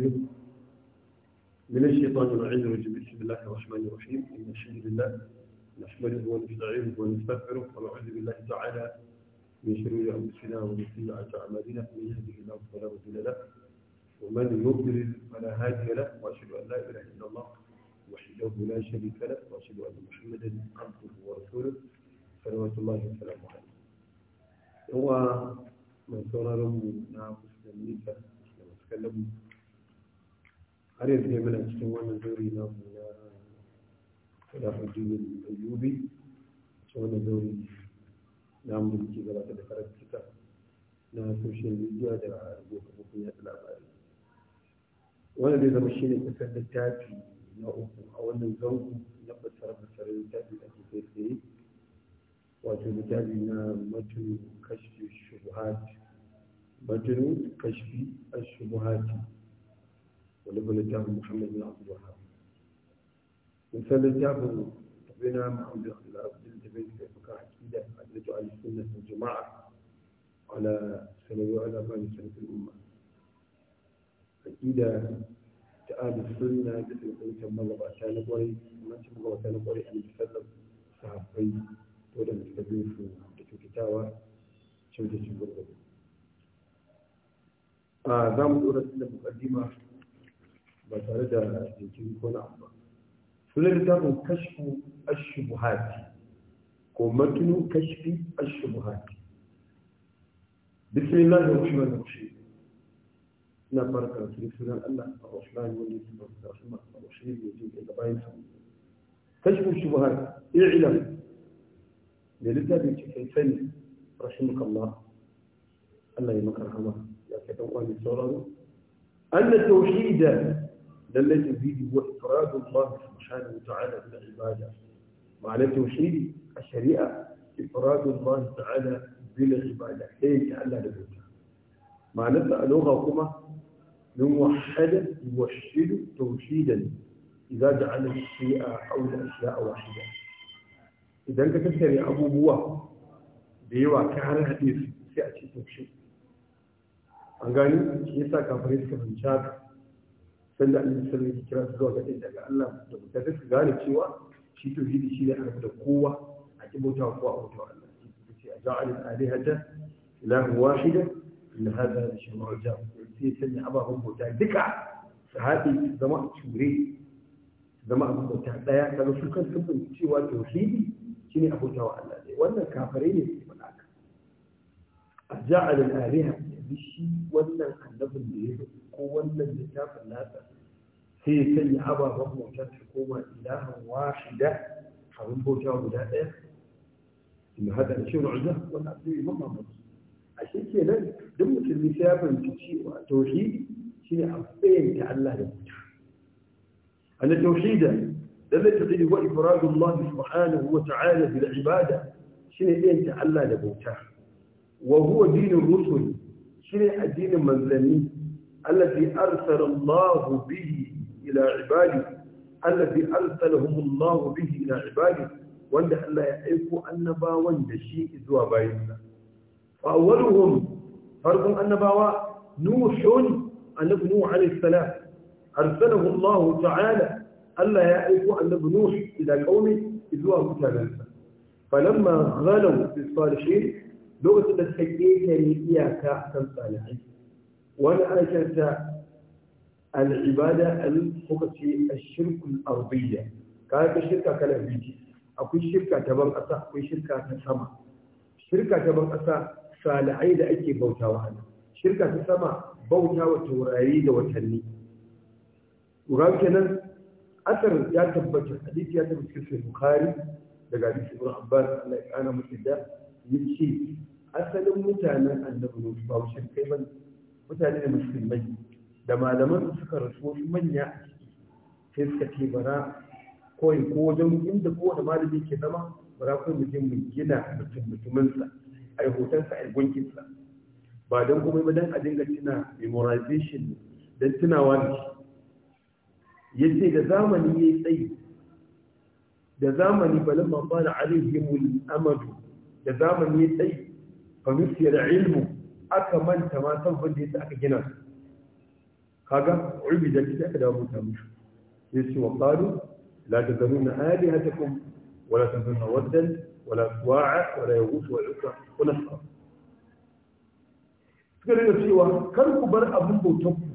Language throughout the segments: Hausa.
الرحيم من الشيطان الرجيم بسم الله الرحمن الرحيم إن الحمد لله نحمده ونستعينه ونستغفره ونعوذ بالله تعالى من شرور أنفسنا ومن سيئات أعمالنا من يهده الله فلا مضل له ومن يضلل فلا هادي له وأشهد أن لا إله إلا الله وحده لا شريك له وأشهد أن محمدا عبده ورسوله صلوات الله وسلامه عليه هو من صورهم نعم musulmi da musulmi har yanzu dai muna cikin wannan dori na mu na khilafar jibin ayyubi cikin wannan dori na mulki da ke da karantika na social media da ya ta labarai wani zai zama shi shine kusan tafi na uku a wannan zango na fassara-fassarar tafi da ake kai tsaye wato tafi na matunu kashfi shubuhat kashfi shubuhati ولابن الجاب محمد بن عبد الوهاب مثال الجابر تبعنا مع الاختلاف جلد بيت في فقه عقيدة أدلة أهل السنة والجماعة على سنة على بان سنة الأمة عقيدة أهل السنة جسم كنت مغبا كان قوي ما تبغى كان قوي أن يتكلم صحفي ولا مستبين في كتابة شو تشوف الغد آه دام الأولى مقدمة ba tare da jinkiri ko na ba sunan littafin kashfu ashubuhati ko matunu kashfi ashubuhati bismillahir rahmanir rahim ina farka da sunan Allah ar-rahman wanda yake ba da rahma ar-rahim ne yake da bayan sa kashfu shubuhat i'lam da littafin cikin sani rahimakallah Allah ya maka rahama ya kai dan uwa mai sauraro أن التوحيد الذي يريد هو إفراد الله سبحانه وتعالى بالعبادة معنى التوحيد الشريعة إفراد الله تعالى بالعبادة هي إيه تعالى لبوتا معنى اللغة كما من وحد يوحد توحيدا إذا جعل الشيء أو الأشياء واحدة إذا أنت تشتري أبو بوا بيوا كهر حديث سيأتي توحيد an gani shi yasa kafirai sallallahu alaihi wasallam yake kira su zuwa ga ɗaya daga Allah da mutane su gane cewa shi tauhidi shi ne a da kowa a ki bauta wa kowa a bauta wa Allah shi ce a ja'al alihata ilahu wahida in hada da shi ma'aja sai ya sanya ababen bauta duka su haɗe zama a ture zama a bauta ɗaya daga su kan sun cewa tauhidi shi ne a bauta wa Allah ne wannan kafirai ne su faɗa ka a ja'al alihata yanzu shi wannan annabin da ya zo ɗauko wannan littafin nasa sai ya sanya ababen bautar ta koma ilahan wahida abin bauta guda ɗaya in hada da shirin uzza wani abu yi mamma mutu a shi ke nan duk musulmi sai ya fahimci cewa tauhidi shine a tsayanta Allah da mutu أن التوحيد لم يتقل هو إفراد الله سبحانه وتعالى بالعبادة شنو أنت على نبوته وهو دين الرسل شنو الدين المنزلي الذي أرسل الله به إلى عباده الذي أرسلهم الله به إلى عباده وأن الله يعرف النبا وأن شيء إذوا باينا فأولهم فرق باوا نوح النبي نوح عليه السلام أرسله الله تعالى ألا يعرف أن نوح إلى قومه إذوا مثلا فلما غلوا بالصالحين لغة التحقيق هي إياك أحسن صالحين ولا أجد العبادة أن في الشرك الأرضية كانت الشركة كلا بيتي أكو الشركة تبان أسا أكو الشركة تسمى الشركة تبان أسا سالعي لأيكي بوتا وانا الشركة تسمى بوتا وتوريد وتني وقال كنا أثر جاتب بجر حديث جاتب كيف في البخاري لقد قال ابن عباس الله يعانى مسجد يمشي أثر متانا أن نبنو في بوشن كيفا mutane ne musulmai da malaman suka rasu wasu manya a ciki sai suka ce bara kawai ko wajen inda kowane malami ke zama bara ko mu je mu gina mutum mutuminsa a yi hotonsa a yi gunkinsa ba don komai ba don a dinga tuna memorization don tunawa da shi ya ce da zamani ya yi tsayi da zamani balin mafana alihimul amadu da zamani ya tsayi nufiyar ilmu aka manta ma sabbin da yasa aka gina su kaga ulbi da kike aka dawo ta musu yace wa qalu la tazununa alihatakum wala tazunna waddan wala suwa'a wala yaghus wa yuqa wa nasra suka rika cewa kar ku bar abun bautan ku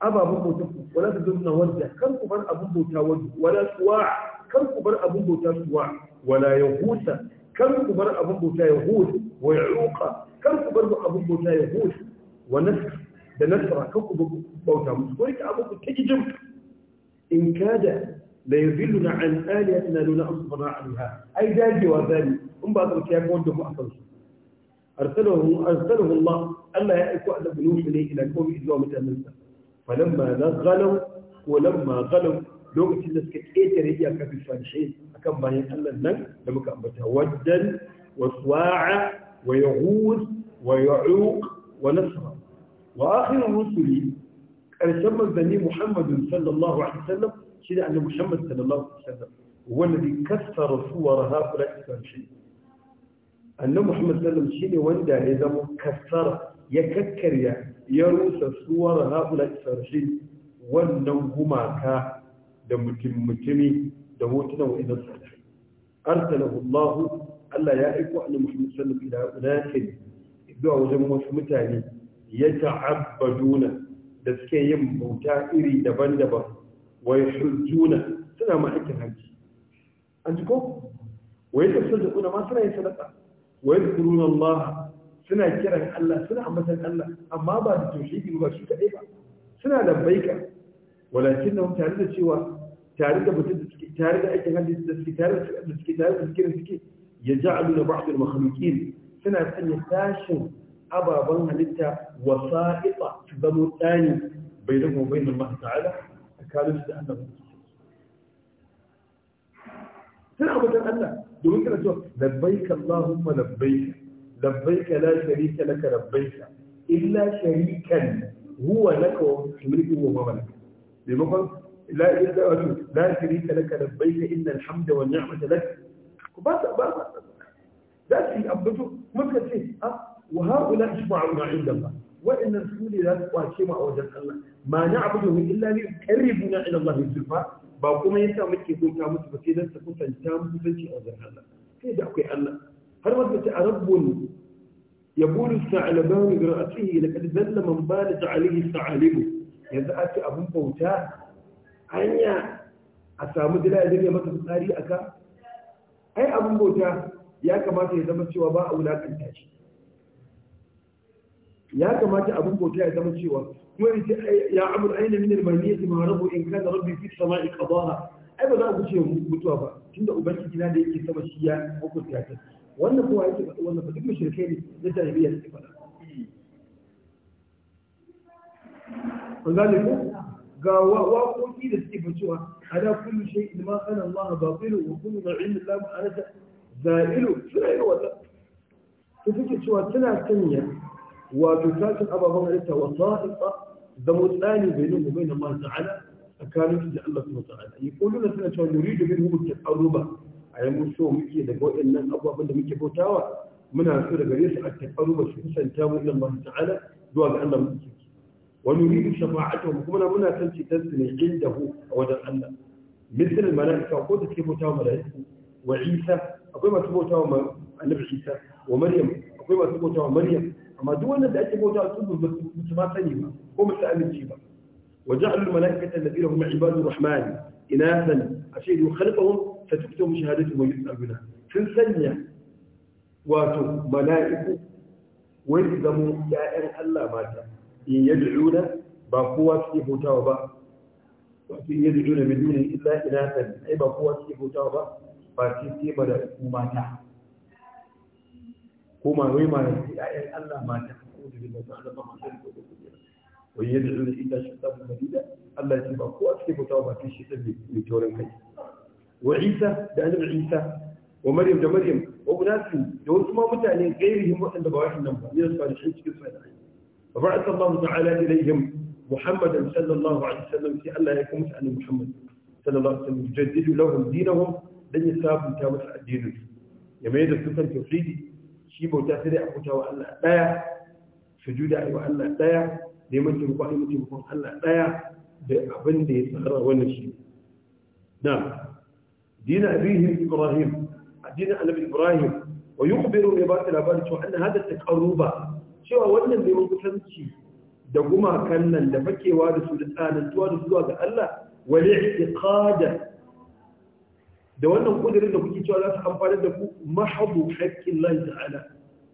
ababun bautan ku wala tazunna wadda kar ku bar abun bauta wadda wala suwa'a kar ku bar abun bauta suwa'a wala yaghusa كم كبر أبو بوتا يهود ويعوقا كم كبر أبو بوتا يهود ونسر ده نسرة كم كبر بوتا مسكوريك أبو بوتا يجم إن كاد ليذلنا عن آلياتنا لنا أصبرنا عنها أي ذلك وذلك هم بعض الكيام وندهم أصل أرسله, أرسله الله ألا يأكو أدب نوح إلي إلى كوم إذ يوم فلما نغلوا ولما غلوا lokacin da suka ƙetare iyaka fi fahimshi akan bayan Allah nan da muka ambata waddan wa suwa'a wa yahud wa ya'uq wa nasra wa akhirin rusuli ƙarshen manzanni Muhammadu sallallahu alaihi wasallam shi ne annabi Muhammad sallallahu alaihi wasallam wanda bi kassara suwar hafura fahimshi annabi Muhammad sallallahu alaihi wasallam shine wanda ya zama kassara ya kakkarya ya rusa suwar hafura fahimshi wannan gumaka da mutum-mutumi da hotunan wa'idan sarki arsalahu Allah Allah ya aiko annabi Muhammad sallallahu alaihi wasallam ila ulatin zuwa wajen wasu mutane ya juna da suke yin bauta iri daban-daban wa juna. suna ma aikin haji an ji ko wa yasalluna ma suna yin sadaqa wa yadhkuruna Allah suna kiran Allah suna ambatan Allah amma ba da tauhidi ba shi kadai ba suna da labbaika walakin na mutane da cewa تاريخ بجد تاريخ أي كان دي تاريخ بس كتاب بس كتاب يجعلنا بعض المخلوقين سنة سنة تاشن أبا بنها لتا وسائط في الضمور الثاني بينهم وبين الله تعالى كانوا يستهدفون سنة أبا أنا دوين كنا سوى لبيك اللهم لبيك لبيك لا شريك لك لبيك إلا شريكا هو لك ومحملك وهو ملك لمقل لا إلا لا شريك لك لبيك إن الحمد والنعمة لك وبس بس ذات شيء أبدو ممكن أه وهؤلاء يشفعون عند الله وإن رسول الله ما أوجد الله ما نعبده إلا ليقربنا إلى الله زلفى باقوم يسامك يقول كامت بكيدا تكون تنتام تنتي أوجد الله كيف أقول الله هل وقت رب يقول الثعلبان برأسه لقد ذل من بالت عليه الثعالب يذأت أبو فوتاه hanya a samu dila ya zai masa tsari a ka ai abin bauta ya kamata ya zama cewa ba a wulakanta shi ya kamata abin bauta ya zama cewa kuma ce ya amur aina min almaniyati ma rabu in kana rabbi fi sama'i qadaha ai ba za a guce mutuwa ba tunda ubangiji na da yake sama shi ya hukunta ta wannan kowa yake faɗa wannan fa duk mushrikai ne na jahiliya ta faɗa kun gane ko ga waƙoƙi da suke fitowa ana kullu shay in ma kana Allah batilu wa kullu ma'in Allah ma'anata za'ilu suna yi wata. su suke cewa suna sanya wato tashin ababen halitta wa sa'iqa da mutsani bainin mu bainin ma ta'ala tsakanin da Allah subhanahu wa ta'ala yaquluna suna cewa nuridu minhum at a ai mun so muke daga waɗannan abubuwan da muke bautawa muna so da gare su a taɓaru ba su kusanta mu ilan masu ta'ala zuwa ga Allah muke ونريد شفاعتهم كما منا تنشي تسني عنده وجه الله مثل الملائكة وقد تكبوتا ملائكة وعيسى أقول ما تكبوتا النبي عيسى ومريم أقول ما تكبوتا مريم أما دون أن تكبوتا سبب ما سنيمة ما هو مثل أمن جيبا وجعل الملائكة الذين هم عباد الرحمن إناثا أشياء خلقهم فتكتم شهادتهم ويسألونها سنسنيا واتو ملائكة ويلزموا يا أن الله ماتا in juna ba kowa suke hutawa ba wato in juna min nuna illa ilahan ai ba kowa suke hutawa ba ba su sai sai mala'iku mata ko ma wai su ya'yan Allah mata ko da bin da Allah ba mata ko da kujera wa yad'una illa shaytanun madida Allah ce ba kowa suke hutawa ba sai shi san mai taurin kai wa Isa da annabi Isa wa Maryam da Maryam wa unasu da wasu ma mutane wasan waɗanda ba wa'annan ba ne su fara shi cikin sa'ida وبعث الله تعالى إليهم محمدا صلى الله عليه وسلم في الله يكون مثل محمد صلى الله عليه وسلم يجدد لهم دينهم لن يساب متابعة الدين يميز السلطان التوحيد شيء بوتاثر أخوتا وأن لا أبايع سجود أيوة أن لا أبايع لمن تنقل أن تنقل أن لا أبايع بأبنده صغر ونشي نعم دين ابيهم إبراهيم دين أبي إبراهيم ويخبر عباد الأبادة وان هذا التقرب cewa wannan neman kusanci da gumakan nan da fakewa da su da tsanantuwa da zuwa ga Allah wali iqada da wannan kudirin da kuke cewa za su amfana da ku mahadu haƙƙin Allah ta'ala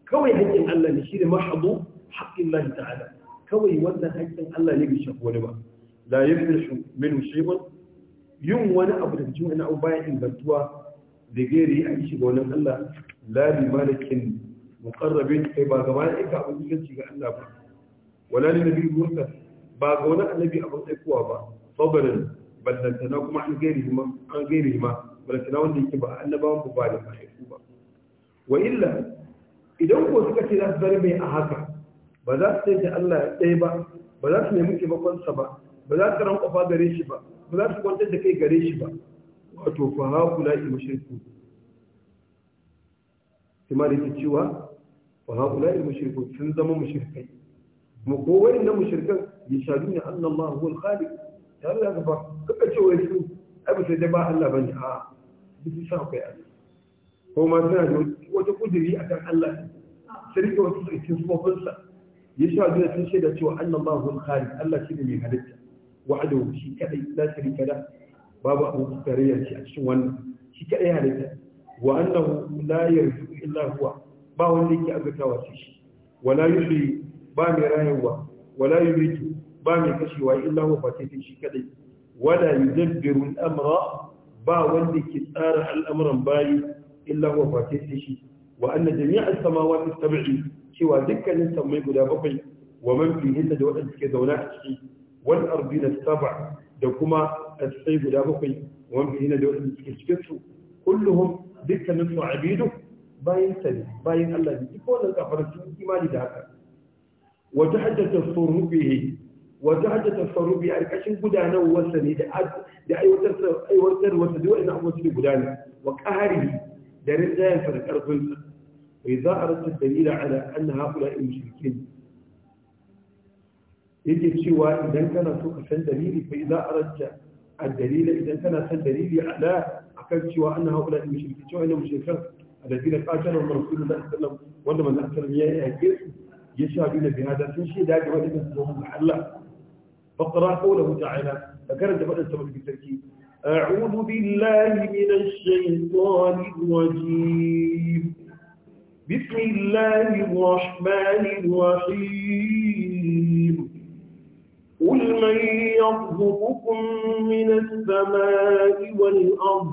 kawai haƙƙin Allah ne shi ne mahadu haƙƙin Allah ta'ala kawai wannan haƙƙin Allah ne bai shafi wani ba la yafrishu min shay'un yin wani abu da cikin wani abu baya ingantuwa da gairi a ishi ga wannan Allah la bi malakin muqarrabin kai ba gaba ne ka abin kusanci ga Allah ba wala ne nabi mursal ba ga wani annabi abin aikowa ba sabarin ballantana kuma an gairi ma an gairi ma ballantana wanda yake ba annabawan ku ba da mahaifu ba wa illa idan ko suka ce na su zare mai a haka ba za su sai da Allah ya ɗaya ba ba za su nemi taimakonsa ba ba za su ran kofa gare shi ba ba za su kwantar da kai gare shi ba wato fa haƙula ilmi shirku imar yake cewa wa haƙula il mushriku sun zama mushrikai Mu ko wani na mushrikan ya shaɗu ne an Allah huwa al-khaliq ya Allah ka ba kaka ce wai su ai ba sai dai ba Allah bane a bisa sa kai Allah ko ma suna da wata kudiri kan Allah sai rike wasu cikin sufofinsa ya shaɗu ne sun shaida cewa an Allah huwa al-khaliq Allah shi ne mai halitta wa'adahu shi kadai la sharika da babu abu tarayya shi a cikin wannan shi kadai halitta وأنه لا يرجو إلا هو ما هو اللي كأبك ولا يحيي بامي راي هو ولا يريد بامي كشي إلا هو فاتيتي كذي ولا يدبر الأمر با والذي كتار الأمر باي إلا هو فاتيتي وأن جميع السماوات السبعي سوى ذكا نسمي قدا بقي ومن فيهن دو أنسك دوناتي والأرضين السبع دوكما السيد قدا بقي ومن فيهن دو أنسك كلهم dukkanin su abidu bayan sani bayan Allah ne duk wannan kafar sun imani da haka wa tahajjata surubihi wa tahajjata surubi a ƙarƙashin gudanarwar sani da da aiwatar aiwatar wasa da wannan abubuwa su gudana wa qahari da rinjayen sa da karfin sa wa idza aradta dalila ala anna haula'i mushrikin yake cewa idan kana so ka san dalili fa idza aradta الدليل إذا كان الدليل على أكد سوى أن هؤلاء المشركين سوى أن المشركين الذين من رسول الله صلى الله عليه وسلم وإنما من يأكل يشهدون بهذا لا يجب أن سنهم محلا فقرأ قوله تعالى فكان بدأ السبب التركي أعوذ بالله من الشيطان الرجيم بسم الله الرحمن الرحيم قل من يرزقكم من السماء والأرض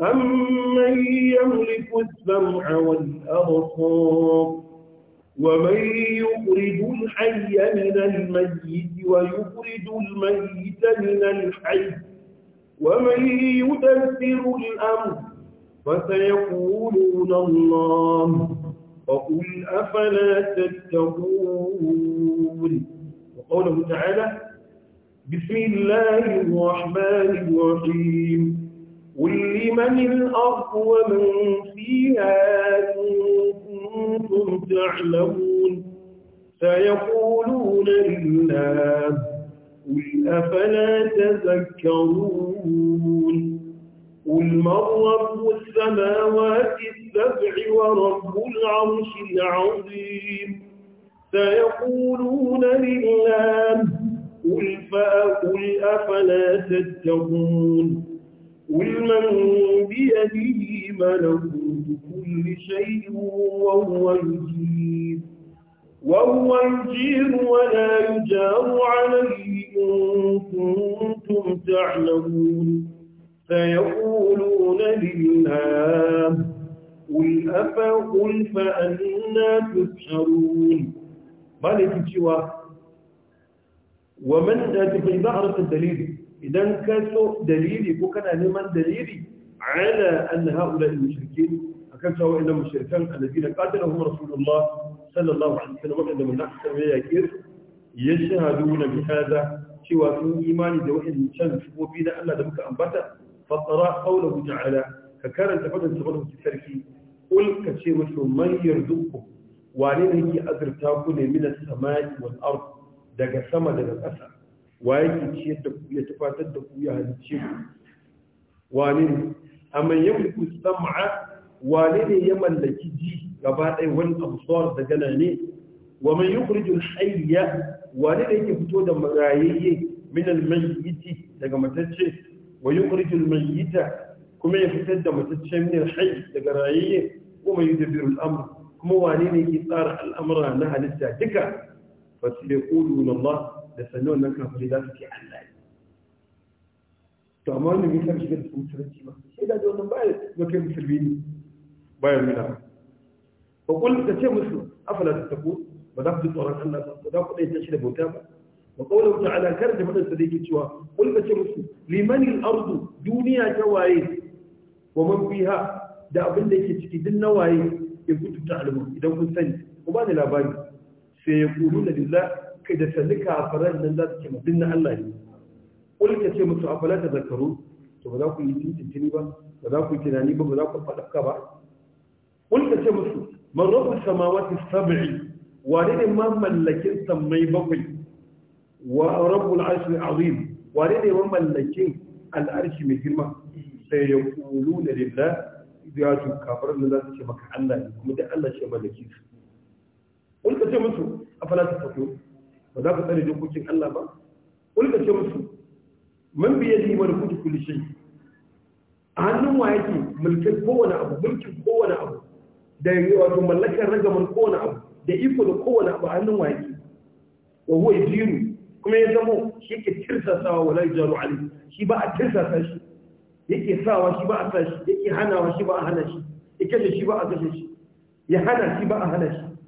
أمن يملك السمع والأبصار ومن يخرج الحي من الميت ويخرج الميت من الحي ومن يدبر الأمر فسيقولون الله فقل أفلا تتقون قوله تعالى بسم الله الرحمن الرحيم ولمن الأرض ومن فيها كنتم تعلمون سيقولون لله قل أفلا تذكرون قل من رب السماوات السبع ورب العرش العظيم سيقولون لله قل فأقل أفلا تتقون قل من بيده ملكوت كل شيء وهو يجيب وهو يجير ولا يجار عليه إن كنتم تعلمون فيقولون لله قل أفقل فأنا تسحرون ba da yake cewa wa man da tafi za a rasa dalili idan ka so dalili ko kana neman dalili ala an haula shirke mushrikin akan cewa inda mushrikan alladina qatalahum rasulullah sallallahu alaihi wasallam wanda mun naka sai ya kir yashhaduna bi hada cewa sun imani da can sifofi na Allah da muka ambata fatara qawluhu ta'ala ka karanta fadin sabon wa ta'ala sarki qul ce musu man yarzuqukum wane ne yake azurta ku ne minas sama'i wal ard daga sama daga ƙasa waye yake ciyar da ku ya tufatar da ku ya halice ku wane ne amma yau ku sam'a wane ne ya mallaki ji gaba ɗaya wani abu absar da gana ne wa man yukhrijul hayya wane ne yake fito da marayayye min al mayyiti daga matacce wa yukhrijul mayyita kuma ya fitar da matacce min al hayy daga rayayye kuma yudabbiru al amr kuma wane ne ke tsara al'amura na halitta duka ba su da ƙudu na Allah da sannan wannan kafin za su ke Allah ne. To, amma wani bisa shiga da kuma turanci ba, sai da wannan bayan mafi musulmi ne bayan nuna. Ba kun ta ce musu, afala ta tafi ba za ku ji tsoron Allah ba, ba za ku ɗaya shi da bauta ba. Ba kawai ala kar da faɗin sadiki cewa, kun ta ce musu, limanin ardu duniya ta waye, wa man fiha da abin da yake ciki duk na waye in kuntum ta'lamun idan kun sani ko ba ni labari sai ya kulu da lillah kai da sani kafaran nan za su ce mutum na Allah ne kul ka ce musu afala ta zakaru to ba za ku yi tintintini ba ba za ku yi tunani ba ba za ku faɗaka ba kul ka ce musu man rabbus samawati sab'i wane ne ma mallakin sammai bakwai wa rabbul arshi azim wane ne ma mallakin al'arshi mai girma sai ya kulu da lillah ya su kafar nan za su ce maka Allah ne kuma da Allah ce mallaki su kun ka ce musu a fala ta fito ba za ku tsare dokokin Allah ba kun ka ce musu man biye ni wani kudu kulli shay a hannun wa yake mulkin kowane abu mulkin kowane abu da wato mallakar ragamar kowane abu da iko da kowane abu a hannun wa yake wa huwa yajiru kuma ya zama shi ke tirsasawa wala jaru ali shi ba a tirsasa shi yake sawa shi ba a sashi shi yake hanawa shi ba a hana shi yake da shi ba a sashi shi ya hana shi ba a hana shi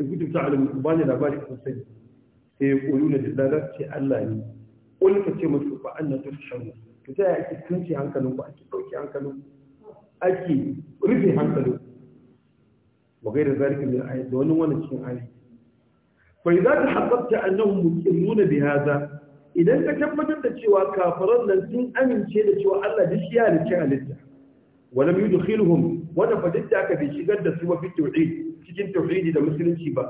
in kutum ta alamu ba ne labari ko sai sai ya koyu na dindara ce Allah ne ƙoli ka ce musu ba an na ta shan ku ta yi ake kunce hankalin ku ake ɗauke hankalin ake rufe hankalin wa da zalika min ayat da wani wannan cikin ayat fa idan idza tahaqqaqta annahu muqimuna bi hadha idan ka tabbatar da cewa kafaran nan sun amince da cewa Allah da shi ya halicci halitta walam yudkhiluhum wanda fa dukka ka bi shigar da su wa fi tauhid cikin tauhidi da musulunci ba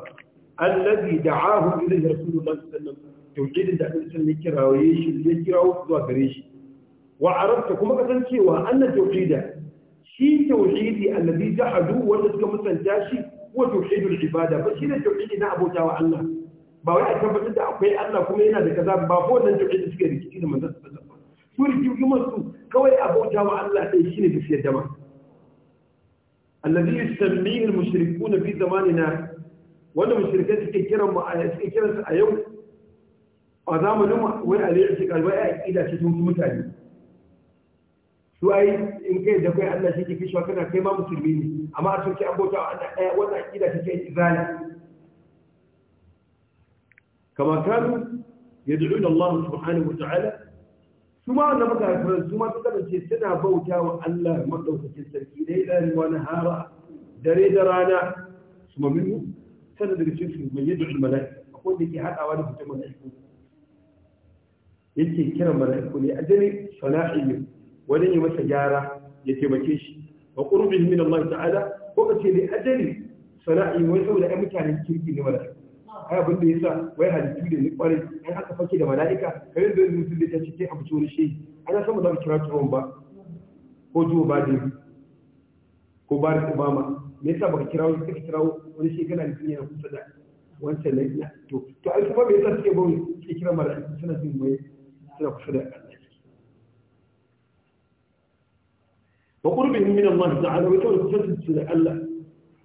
allazi da'ahu ilayhi rasulullah sallallahu alaihi wasallam tauhidin da annabi sallallahu alaihi kirawaye shi ya kirawo zuwa gare shi wa arabta kuma ka san kasancewa annat tauhida shi tauhidi allazi jahadu wanda suka musanta shi wa tauhidul ibada ba shi ne tauhidi na abota wa Allah ba wai a tabbatar da akwai Allah kuma yana da kaza ba ko nan jami'ai da suke rikici da manzon sallallahu alaihi wasallam su rigimar masu kawai abota wa Allah ɗaya shine da siyar ma alladhi yusammihi al-mushrikuuna fi zamanina wanda mushrikai suke kiran mu a suke kiran su a yau a zamanin mu wai shi itiqad a aqida ce tun mutane su ai in kai da kai Allah shi ke kishwa kana kai ma musulmi ne amma a cikin abota Allah ɗaya wannan aqida ce ke izala كما كانوا يدعون الله سبحانه وتعالى ثم أنا مكافر ثم تكلم سنة بوتا وألا مدوك تسركي ليلا ونهارا دري درانا ثم منه سنة رسول من يدعو الملائكة أقول لك هذا أولا كنت ملائكة yake kiran mala'iku ne ajali salahiyin wani ne masa gyara ya taimake shi wa qurbin min Allah ta'ala ko kace ne ajali salahiyin wani saboda ai mutanen kirki ne ai abin da yasa wai halittu da ni kwarai an aka fake da mala'ika kai da mutum da ta cikin abu tsoro shi ana sama za mu kira ta ba ko jiwo ba da ko barack obama me yasa baka kira wani kika kira wani shi kana da yana kusa da wancan na to to ai kuma me yasa suke bawo suke kira mala'iku suna jin wai suna kusa da Allah وقربهم من الله تعالى وتوسل إلى الله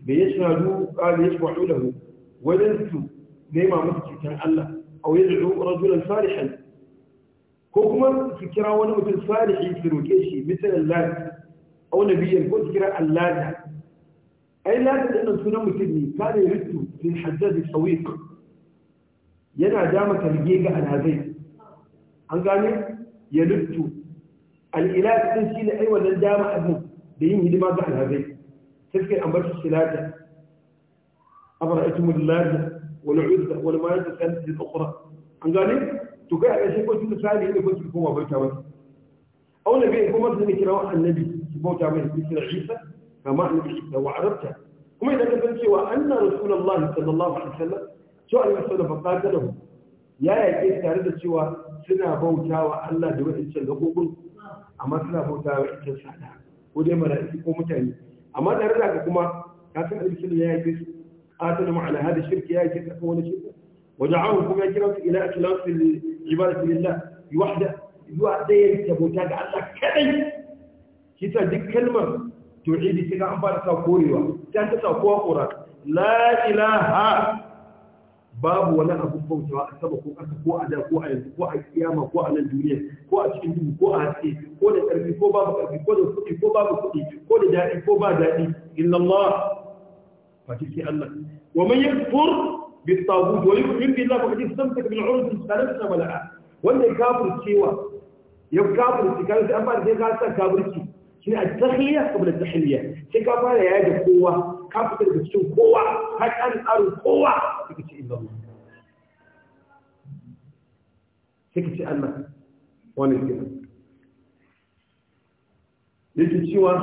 ليشهدوا قال يشفعوا له ولنسوا نيما مفكر كان الله أو يدعو رجلا فالحا كوكما فكرة وانا مثل فالح يفكروا كيشي مثل اللاذ أو نبيا كون فكرة اللاذة أي لاذة لأنه سنم تبني كان يردو من حزاز الصويق ينا دامة لقيقة على هذين أنقاني يردو الإله تنسي تنسيل أيوة للدامة أبو بهم هدي ما ضحل هذين تذكر أنبرت السلاجة أبرأتم اللاذة والعزة والمناة الثالثة الأخرى عن قال تقول على شيء كنت تسالي إذا كنت بكم وبوتا منه أو نبي يكون مثلا كراء النبي بوتا منه مثل عيسى فما النبي عيسى وعرفته كما إذا كنت وأن رسول الله صلى الله عليه وسلم سؤال وسلم فقاتله ya yake tare da cewa suna bauta wa Allah da waɗancan gaɓoɓin amma suna bauta wa waɗancan sada ko dai mala'iku ko mutane amma tare da haka kuma ka san alƙilu ya yake su آتنهم على هذا الشرك يا شرك أول شرك ودعوهم كما يجبون إلى أخلاص العبادة لله بوحدة بوحدة يكتبوا تاج على كذي كيسا دي كلمة توحيدي سيقا أمبارا سوكوريوا تانت سوكوا قرى لا إله باب ولا أبو فو سواء سبقوا أسقوا أدا قوة قوة قيامة قوة على الدنيا قوة شندو قوة سي قوة تربي فو باب تربي قوة فقي فو باب فقي قوة دائي فو باب دائي إلا الله فاتيسي الله ومن يكفر بالطاغوت ويؤمن بالله فقد استمسك بالعروة الثلاثة ولا wanda ya kafirce wa ya kafirce kan an fara sai ka sa kafirci shi ne at-tahliya qabla at sai ka fara ya ga kowa ka fita daga kowa ka kan kowa kika ce inna Allah sai ka ce Allah wani kenan yake cewa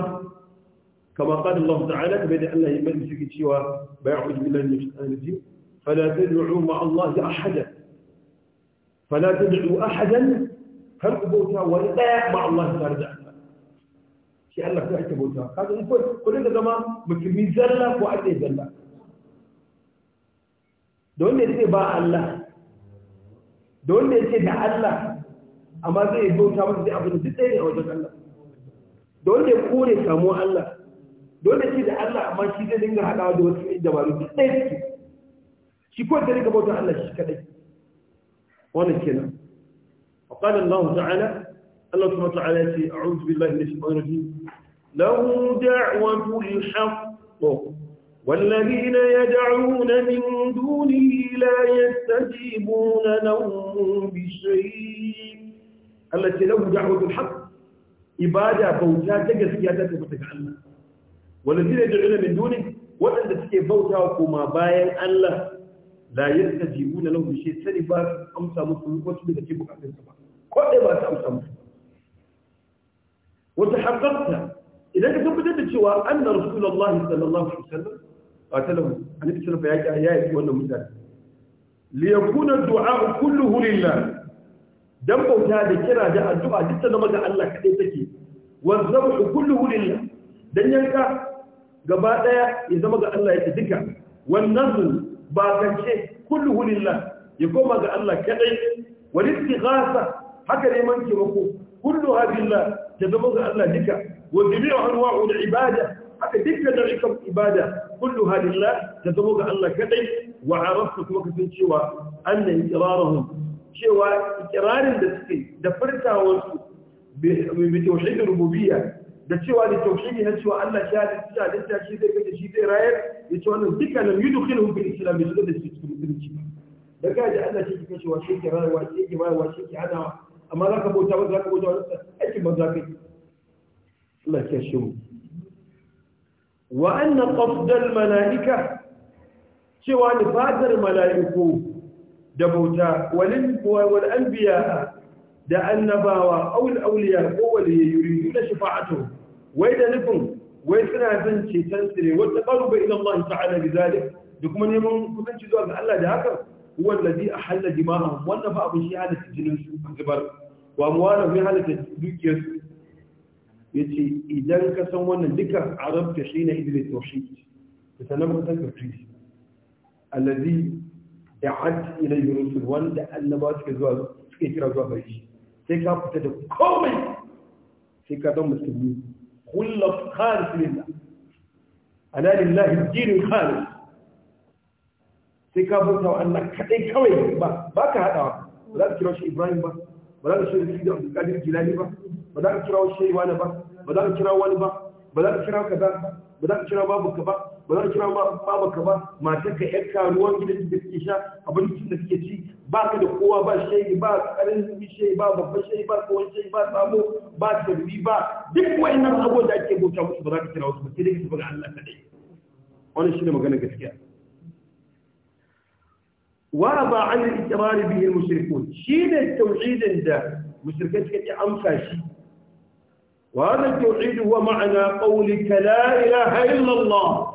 kamar kada Allah ta'ala kamar da Allah ya bari suke cewa bai aku jibi lalle shi tsanin ji falatun ru'u ma Allah ya ahada falatun ru'u ahadan har ku bauta wani ɗaya ma Allah ta rada shi Allah ta haka bauta ka ga ku da zama mutumi zalla ko ake zalla da wanda yake ba Allah da wanda yake da Allah amma zai bauta wanda zai abu da duk ɗaya ne wajen Allah da kore samu Allah dole shi da Allah amma shi zai dinga hadawa da wasu ɗin dabaru duk ɗaya suke shi ko ta riga bautan Allah shi kadai wannan kenan wa qala Allah ta'ala Allah subhanahu wa ta'ala ya ce a'udhu billahi minash shaitanir rajim lahu da'watul haqq والذين يدعون من دونه لا يستجيبون لهم بشيء التي له دعوة الحق إبادة بوتا تجسياتة بتجعلنا والذين يدعون من دونه waɗanda suke bauta koma bayan Allah la yadda jibu na lau bishe sani ba su amsa musu wasu daga ce bukatunsa ba ko ɗaya ba su amsa musu wata haƙarta idan ka tabbatar da cewa an na rasulallah sallallahu alaihi wasallam ta lahu an yi sarfa ya ya yi wannan mutane li yakuna du'a kulluhu lillah dan bauta da kira da addu'a duk zama ga Allah kadai take wa yanka gaba ɗaya ya zama ga Allah yake duka wannan ba kance kulluhu lillah ya koma ga Allah kadai wal istighasa haka ne man kirako kulluha billah ya zama ga Allah duka wa jami'u anwa'u da ibada haka duka nau'ikan ibada kulluha lillah ya zama ga Allah kadai wa arafta kuma an anna iqrarahum cewa iqrarin da suke da furtawarsu bi tauhid rububiyya da cewa da tauhidi na cewa Allah shi halitta shi halitta shi zai kace shi zai rayar ya ce wannan dukkanin yudkhiluhum fil islam bi da shi cikin musulunci da ga da Allah shi ke wa shi ke rayuwa shi ke bayarwa shi ke hadawa amma zaka bauta ba zaka bauta wannan aikin ba zaka yi Allah ya shi mu wa anna qafdal malaika cewa ni fadar malaiku da bauta walin wal anbiya da annabawa aul auliya ko waliye yuridu na shafa'atu wai da nufin wai suna son ceton su ne wata qaruba ila Allah ta'ala bizalik da kuma neman kusanci zuwa ga Allah da haka huwa alladhi ahalla dima'ahum wannan fa abin shi halatta jinin su zubar wa amwalu bi halatta dukiyar su yace idan ka san wannan duka arabta shine idris tawhid ka sanan ka san tawhid alladhi da'at ila yunus wanda annabawa suka zuwa suke kira zuwa gare shi sai ka fita da komai sai ka zama musulmi kullum khalis lillah ana lillahi dinin khalis sai ka bauta wa Allah kadai kawai ba ba ka hadawa ba za ka kira shi Ibrahim ba ba za ka kira shi Abdul Qadir Jilani ba ba za ka kira shi wani ba ba za ka kira wani ba ba za ka kira kaza ba ba za ka kira babu ka ba ba za ka kira babu ka ba matar ka yar karuwan gidan da kake sha abincin da suke ci ba ka da kowa ba shayi ba karin zubi shayi ba babban shayi ba kowan shayi ba samu ba tarbi ba duk wa'annan abubuwan da ake bauta musu ba za ka kira wasu ba sai dai ka tafi ga Allah kadai wannan shine magana gaskiya ورضى عن الإقرار به المشركون شين التوحيد ده مشركين كتي amsa shi. وهذا التوحيد هو معنى قولك لا إله إلا الله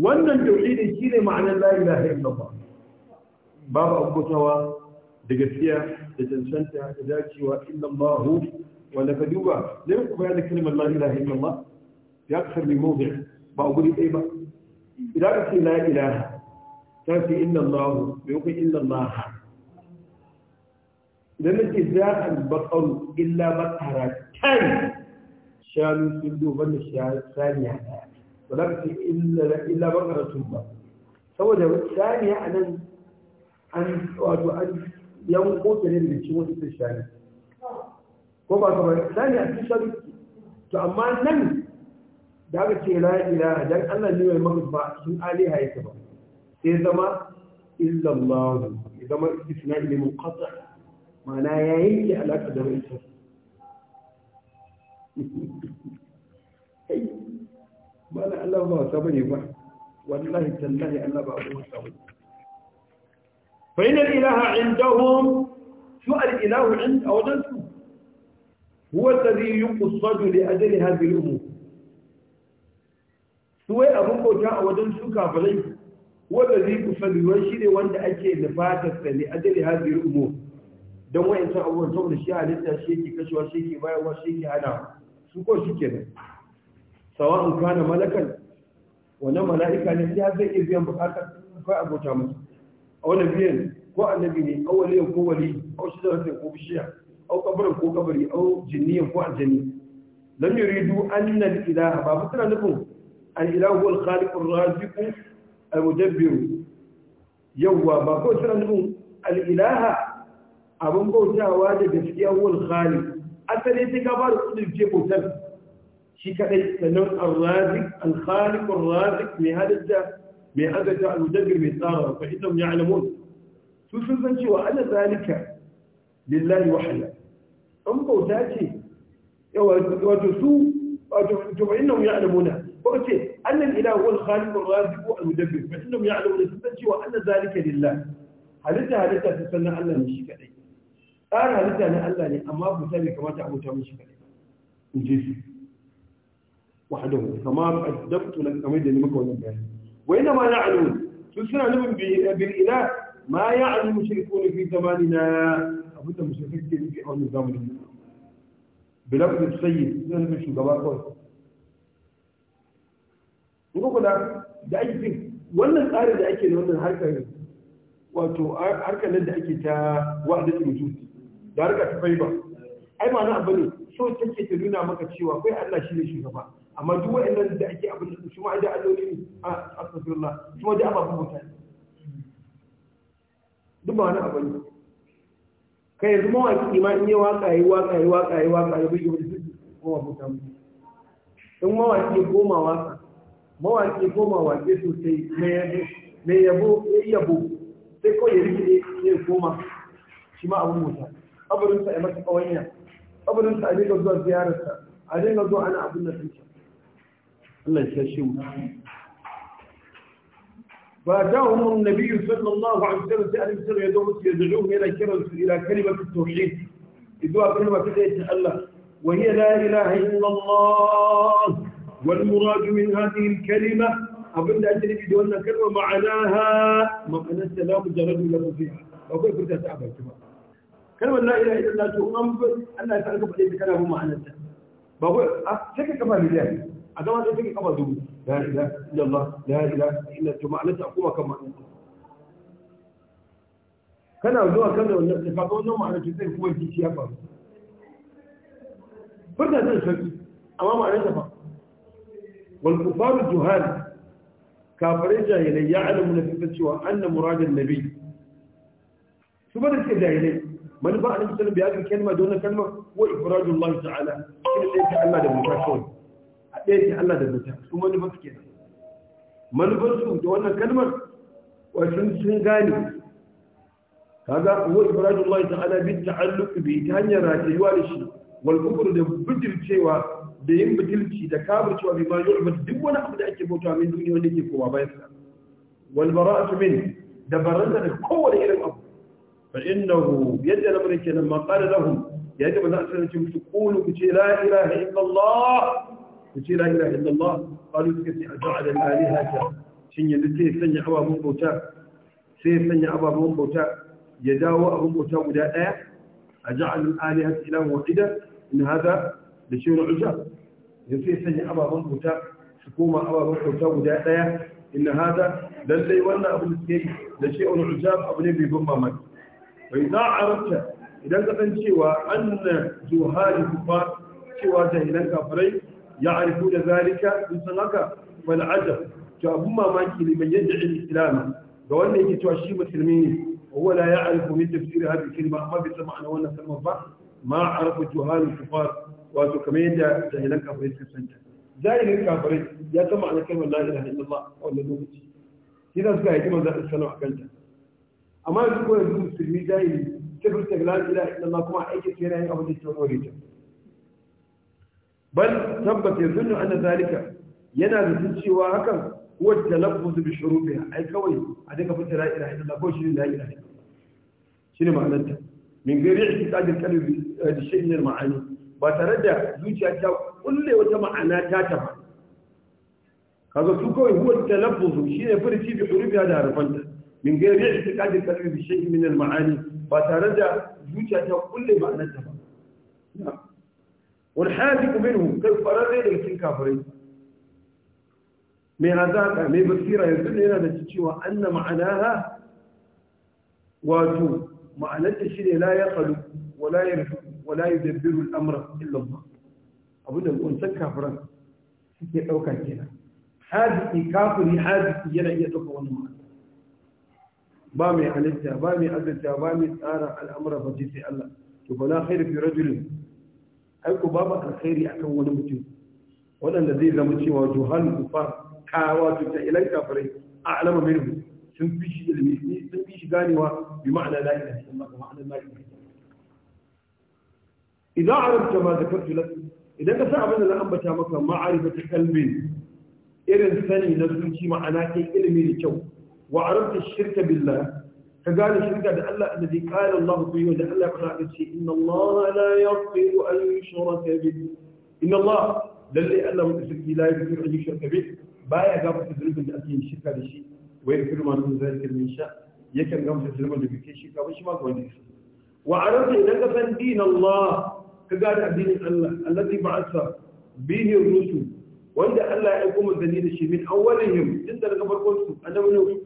وأن التوحيد شيء معنى لا إله إلا الله باب أبوتوا دقسيا لتنشنت إداكي وإلا الله ولا فدوبة لم يكن هذه كلمة لا إله إلا الله في أكثر من موضع بقول إيه بقى إذا قلت لا إله تأتي إلا الله بيقول إلا الله لم تزاء البطل إلا بطهرتين shanu sun duban da saniya ɗaya ba za ka ce illa bakaratun ba saboda saniya a nan an wato an yanko ta ne daga cikin wasu sun ko ba ka ba saniya sun shanu to amma nan da aka ce la ilaha dan Allah ne mai maka ba sun aliha yake ba sai zama illa Allah ya zama istisna ne munqata ma'ana ya yanke alaka da wani kai ba na Allah ba wasa bane ba wallahi tallahi Allah ba abu wasa bane fa inna ilaha indahum shu al ilahu inda wajantu huwa alladhi yuqsadu li ajli hadhihi al umur suwai abun bauta a wajen shuka kafirai wanda zai kusa biyuwar shi ne wanda ake da ne ajali hadhihi al umur don wa'in san abubuwan saboda shi a halitta shi yake kashewa shi yake bayarwa shi yake hana su ko shi sawa in kana malakan Wani mala'ika ne ya zai iya biyan bukatar kai abota musu a wani biyan ko annabi ne ko waliyan ko wali ko shidaratin ko bishiya ko kabarin ko kabari ko jinniyan ko aljani lam yuridu anna al-ilaha ba tana nufin al-ilahu huwa al-khaliq ar-raziq al-mudabbir yawwa ba ko tana nufin al-ilaha abun bautawa da gaskiya wal al-khaliq asali sai ka fara kudin ce hotel shi kadai sannan arrazik alkhaliq arrazik mai halitta mai adata al-mudabbir mai tsara fa idan ya alamu su sun san cewa ana zalika lillahi wahda an bauta ce wato su wato to fa innahum ya'lamuna ko ce annal ilahu wal khaliq arrazik wal mudabbir fa innahum ya'lamuna sun san cewa ana zalika lillahi halitta halitta sun san Allah ne shi kadai Tsara halitta na Allah ne amma bauta bai kamata a bauta shi kaɗai in ji su wahadahu kama dabtu lak kamar da ni maka wannan bayani wa ina ma ya'alu su suna nufin bil ila ma ya'lamu mushrikuna fi zamanina abuta mushrikai ke nufi a wannan zamanin bilafin sayyid suna nufin shugaba kawai in kula da ake fi wannan tsarin da ake da wannan harkar wato harkar nan da ake ta wa'adatul wujud da rika ta ba ai ma na abu ne so take ta nuna maka cewa kai Allah shi ne shugaba amma duk wa'annan da ake abin da su ma da alloli ne a astagfirullah su ma da ababen mutane duk ba wani abu ne kai yanzu mawaƙi ma in yi waƙa yi waƙa yi waƙa yi waƙa yi bai wani duk kowa mutane in mawaƙi goma waƙa mawaƙi goma waƙe sosai mai yabo ya yabo sai kawai ya rikide ya goma shi ma abin mutane أبدا في أمريكا قوية أبدا في أمريكا زور النبي صلى الله عليه وسلم سأل سر يدعو يدعوهم إلى كلمة التوحيد إذ كلمة تأتي الله وهي لا إله إلا الله والمراد من هذه الكلمة أبدا أجري في كلمة معناها ما أنا السلام من الله فيها أقول كنت أتعبها كمان كلمة لا إله إلا الله تؤمن الله تعالى قبل أن يتكلم هو معنى أه، ذلك بابو شك كمان لله هذا ما شك كمان دون لا إله إلا الله لا إله إلا الله معنى تقوم كمان كان أدوها كمان والنفس فقط أنه معنى جزيل هو يجي سيابا فرد هذا الشك أما معنى ذلك والكفار الجهال كافرين جاهلين يعلمون في فتوى أن مراد النبي شو بدك جاهلين manufa a nabi sallam biyazin da wannan kalmar ko ifradun Allah ta'ala shi Allah da mutum kawai a ɗaya Allah da mutum su da wannan kalmar wasu sun gane kaga wa ifradun Allah ta'ala bi ta'alluq bi ta hanyar rayuwa da shi wal kufr da bijircewa da yin bijirci da kafircewa bi ma yu'bad duk wani abu da ake bauta min duniya kowa da baranta da kowane irin abu فإنه يجعل من كنا ما قال لهم يجب أن أسأل أنكم تقولوا كتي لا إله إلا الله كتي لا إله إلا الله قالوا كتي أجعل الآلهة شن يدتي سنع أبا من بوتا سي سنع أبا من بوتا يداوى أبا من بوتا ودا أجعل الآلهة إله واحدة إن هذا لشيء عجاب يسي سنع أبا من بوتا سكوما أبا من بوتا ودا إن هذا لن يولى أبو نسكي لشيء عجاب أبو نبي بما مكي bai za a idan ka san cewa anna zuhari kufa cewa jahilan kafirai ya arifu da zalika sun haka fal ajab to abun mamaki ne mai yadda ga wanda yake cewa shi musulmi ne وهو لا يعرف من تفسير هذه الكلمة ما بيسمع أنا ولا كلمة صح ما عرف جهال الكفار وتكمين جاهلا كفرين كسنجا جاهل الكافرين يسمع على كلمة لا إله إلا الله أو لا إذا سكاي كما ذا السنة وحكالتا amma yanzu ko yanzu musulmi jahili kifin taglan ila ila ma kuma aiki sai yana yin abin da ke wani ta bal tabbata yanzu ana zalika yana da sun cewa hakan huwa talaffuz bi shurubiha ai kawai a daga fita la ilaha illallah ko shi ne la ilaha illallah shine ma'anar ta min gari i'tiqadil qalbi da shi ne ma'ani ba tare da zuciya ta kulle wata ma'ana ta ta ba kaga su kawai huwa shi ne furci bi shurubiha da harfanta من غير اعتقاد الكلام بشيء من المعاني فترجع جوتشا كل معناتها نعم والحاذق منه كالفراغ الى لكن كافرين من هذاك ما بكثير يقول لنا ان معناها واجو معنى الشيء لا يقل ولا يرفع ولا يدبر الامر الا الله ابو ده كون كافر حاذق اوكا كده يلا يتوقع وانه ba mai halitta ba mai azurta ba mai tsara al'amura ba ce sai Allah to ba na khairu fi rajulin ai ku babu alkhairi akan wani mutum waɗanda zai zama cewa juhal kufar kawa to ta ilan kafirai a alama minhu sun fi shi ilimi sun fi shi ganewa bi ma'ana la ilaha illallah wa ma'ana la ilaha idan arabta ma zakartu lak idan ka san abin da na ambata maka ma'arifatu qalbin irin sani na zuci ma'ana kai ilimi da kyau wa arabta shirka billah ka gane shirka da Allah annabi qala Allah fi da Allah ya fara ce inna Allah la yaghfiru an yushraka bihi inna Allah lalle Allah mu shirki la yaghfiru an yushraka bihi baya gafarta zulubin da ake yin shirka da shi wa yaghfiru ma dun zalika min sha yakan gafarta zulubin da kake shirka ba shi ma ga wanda yake wa arabta idan ka san din Allah ka gane addinin Allah alladhi ba'atha bihi rusul wanda Allah ya aiko manzanni da shi min awwalihim tun daga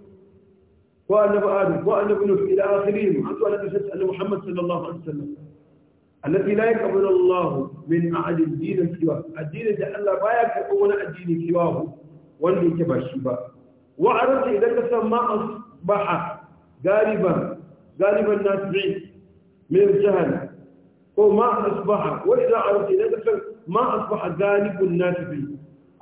ko annabi adam ko annabi nuh ila akhirihim har zuwa annabi sallallahu muhammad sallallahu alaihi wasallam allati la yaqbalu allah min ahad ad-din siwa addini da allah baya karɓo wani addini siwa wanda yake ba shi ba wa arata idan ka san ma asbaha galiban galiban nasbi min jahannam ko ma asbaha wa idan arata idan ka san ma asbaha galibun nasbi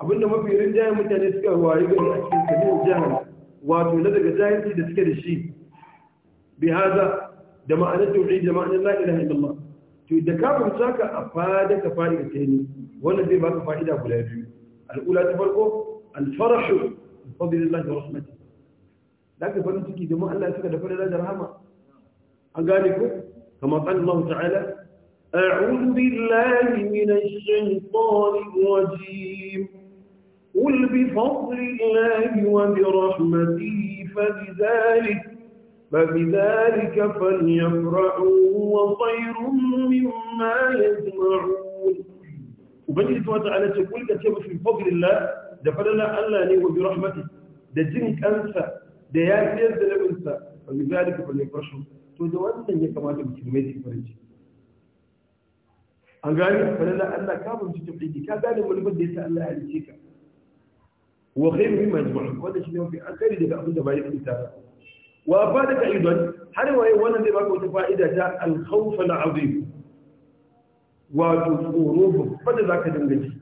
abinda mafi rinjaye mutane suka wayi gari a cikin kabin wato na daga jahilci da suke da shi bi haza da ma'anar tauhid da ma'anar la ilaha illallah to da ka fahimta ka a fada ka fa'ida ta ne wannan zai ka fa'ida guda biyu al'ula ta farko al-farah bi fadlillahi wa rahmatihi da ka farin ciki domin Allah ya saka da fara da rahama an gane ku kama qala Allah ta'ala a'udhu billahi minash shaitanir rajim قل بفضل الله وبرحمته فبذلك فبذلك فليفرحوا وخير مما يجمعون وبنجد على تقول كتب في فضل الله ده فضل الله لي وبرحمته ده جنك أنسى ده يافير ذنبنسى فبذلك فليفرحوا تو da wannan ya kamata musulmai su farin an gane falala Allah ka bamci tauhidi ka gane wani da yasa Allah ya halice ka وخير مما يجمع وهذا الشيء في اخر دقائق دقائق الكتاب وافادك ايضا هل هو وانا دي باكو فائده الخوف العظيم وتصوروه فد ذاك دنجي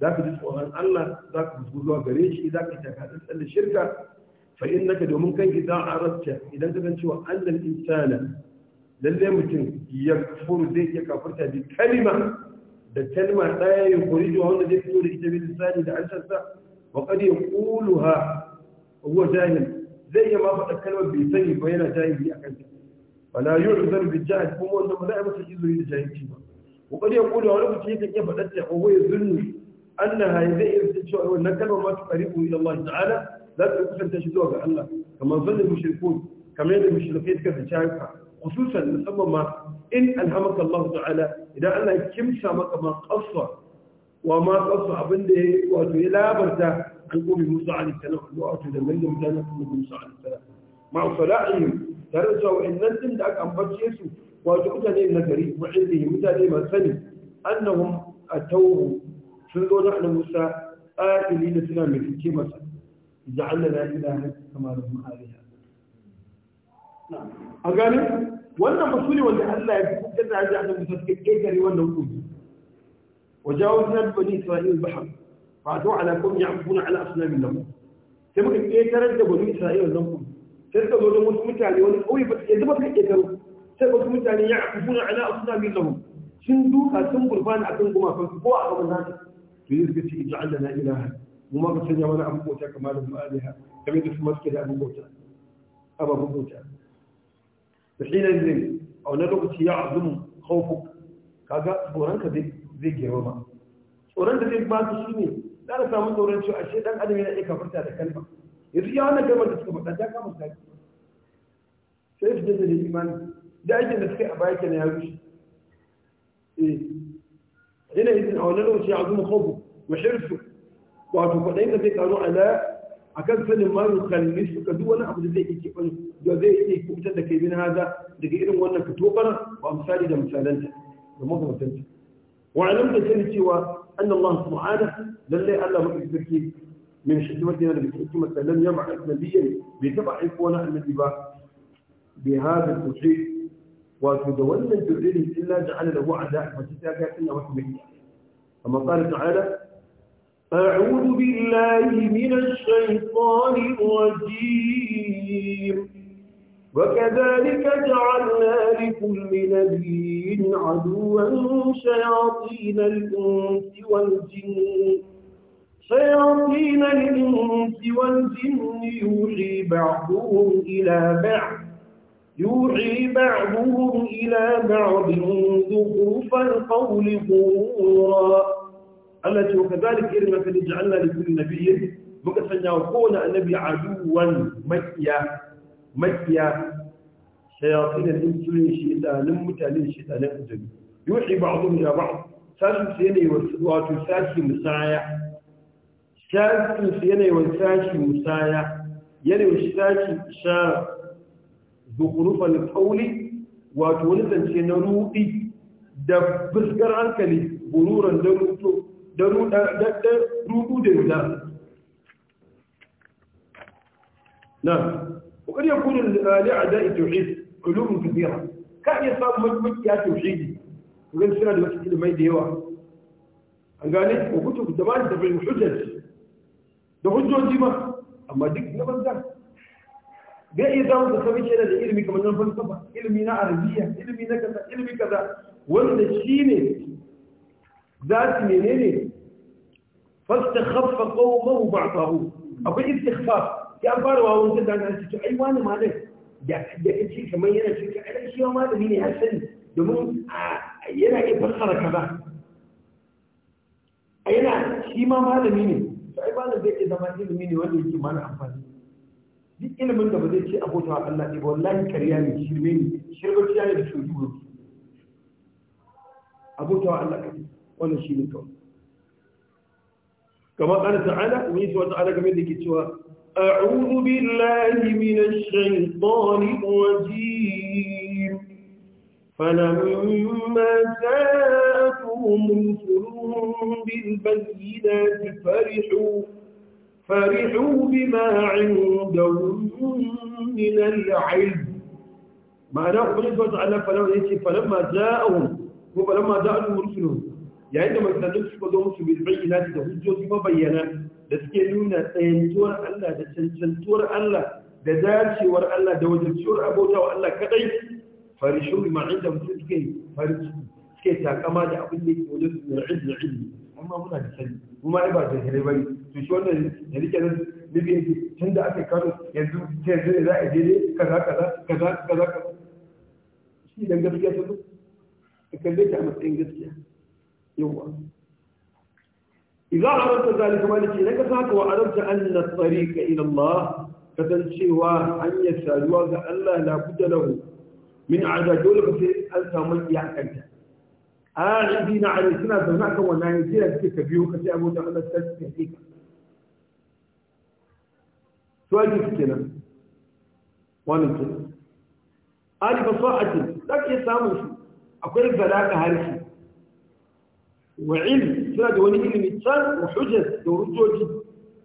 ذاك دسو ان الله ذاك بزوا غريش اذا كتاك تسال الشركه فانك دومن كان اذا اردت اذا تبن شو ان الانسان لله متين يكفر ذيك كفرت بكلمه da kalmar daya yunkuri da wanda zai fito da ita bin tsari da ansar sa وقد يقولها هو جاهل زي ما فقد كلمة بيسيب وينا جاهل بي فلا يعذر بالجاهل فهو أنه ملائمة تجيزه إلى جاهل شبا وقد يقولها ولو كنت يتك يفعلت وهو يظن أنها إذا إرتشوا وأن الكلمة ما تقربه إلى الله تعالى لا تقول أن تجدوها بألا كما ظن المشركون كما يظن المشركين كيف تشاهدها خصوصا مسمى ما إن ألهمك الله تعالى إذا أنا كم سامك ما قصر wa ma kasu abin da ya wato ya labarta an kobi musu alaihi salam addu'a wato da mai da mutane kuma musu alaihi salam ma sala'in tare da cewa innan din da aka ambace su wato mutane na gari wa ilmihi mutane masu sani annahum atawhu sun zo da musa musa qa'ilina suna mai fice masa ja'alna la ilaha kama lahum aliha a gane wannan masuli wanda Allah ya fi kuka da ajiyar da musa suka gari wannan hukumi وجاوزنا بني إسرائيل البحر فأتوا على قوم يعبدون على أصنام لهم ثم إن إيه يترد بني إسرائيل لهم تردوا لهم المتعلي والقوي يدبط حتى يترد ثم المتعلي يعبدون على أصنام لهم سندوك ثم قربان أتنقما فالقوى أقوى من ذلك في ذلك اجعل لنا إلها وما قد سنيا ولا أبو موتا كما لهم آلهة كم يدف مسكد أبو موتا أبو موتا فحين ذلك أو نرغت يعظم خوفك كذا بوران كذلك zai girma tsoron da zai ba su shine za ka samu tsoron cewa ashe dan adam yana iya kafarta da kalma yanzu ya wannan kalmar da suka faɗa ta kama ta sai su jaddada imani da ake da suka yi a baya kenan ya rushe eh yana yin a wannan lokaci ya azuma khawfu wa hirsu wato kwaɗayin da zai karu ala a kan sanin ma yi kalli suka duk wani abu da zai iya keɓan da zai iya kubutar da kai bin haza daga irin wannan ka tobara ba misali da misalanta da makamantanta وعلم da sani أن الله سبحانه lalle Allah mutum من حكمتنا التي حكمت لم يبعث نبيا بتبع إخوانا الذي بهذا التوحيد وتدولنا التوحيد إلا جعل له عداء فتتاكا إلا وحمية كما قال تعالى أعوذ بالله من الشيطان الرجيم وكذلك جعلنا لكل نبي عدوا شياطين الإنس والجن شياطين الإنس والجن يوحي بعضهم إلى بعض يوحي بعضهم إلى بعض زخرف القول غرورا التي وكذلك كلمة جعلنا لكل نبي مكسن يكون النبي عدوا مكيا makiya shayatin al-insulin shedanin mutane shedanin ajabi yuhi ba'dhum ila ba? sashi su yanayi wato sashi musaya sashi su yanayi wa sashi musaya yanayi sashi shara zukurufan kauli wato wani zance na rudi da fuskar hankali bururan da ruto da rudu da yuda na وقد يكون لأعداء التوحيد قلوب كثيرة كان يصاب مجمج يا توحيدي وقال سنة لما تجد ما يدي هوا قال لي وكنت قدمان تفعل الحجج دخل حجة ديما أما ديك نبت ذا بأي ذاو تسمي شيئا إلمي كما ننفل طبع إلمي نا عربية إلمي نا كذا إلمي كذا وإن الشيني ذات منيني فاستخف قومه بعضه أبو استخفاف ya fara wa wani zai zaga cikin ai wani malam da ya ce kamar yana cikin ai shi wa malami ne ya sani domin yana iya fassara kaza a yana shi ma malami ne to ai malam zai iya zama ilimi ne wanda yake mana amfani duk ilimin da ba zai ce abota wa Allah ne ba wallahi kariya ne shirme ne shirgaciya ne da shoji wuri abota wa Allah kai wannan shi ne kawai kamar Allah ta'ala wani su wata ala game da yake cewa أعوذ بالله من الشيطان الرجيم فلما جاءتهم رسلهم بالبينات فرحوا فرحوا بما عندهم من العلم ما نقول أخبرني تعالى إيه، فلما جاءهم فلما جاءهم رسلهم يعني عندما تنسوا قدوموا بالبينات تهجوا فيما بينات da suke nuna tsayantuwar Allah da cancantuwar Allah da dacewar Allah da wajabciwar abota wa Allah kadai farishu ma inda da mutum suke farin suke takama da abin da yake wajen su yar'in da ilmi amma muna da sani kuma ai ba da hare bane to shi wannan da rike nan nufi yake tun da aka kano yanzu ta yanzu ne za a je kaza kaza kaza kaza kaza shi dan gaskiya ta zo ka kalle ta a matsayin gaskiya yawa idza amarta zalika maliki na kasa saka wa arabta anna tariqa ila Allah kasancewa hanyar saduwa ga Allah la budda lahu min azab dole ka sai an samu iyakanta a'idina ali suna zauna kan wannan hijira suke ka biyo ka sai abota Allah ta tsike ka to aji kenan wannan iya samun akwai harshe suna da wani ilimi can wa hujjar da hujjoji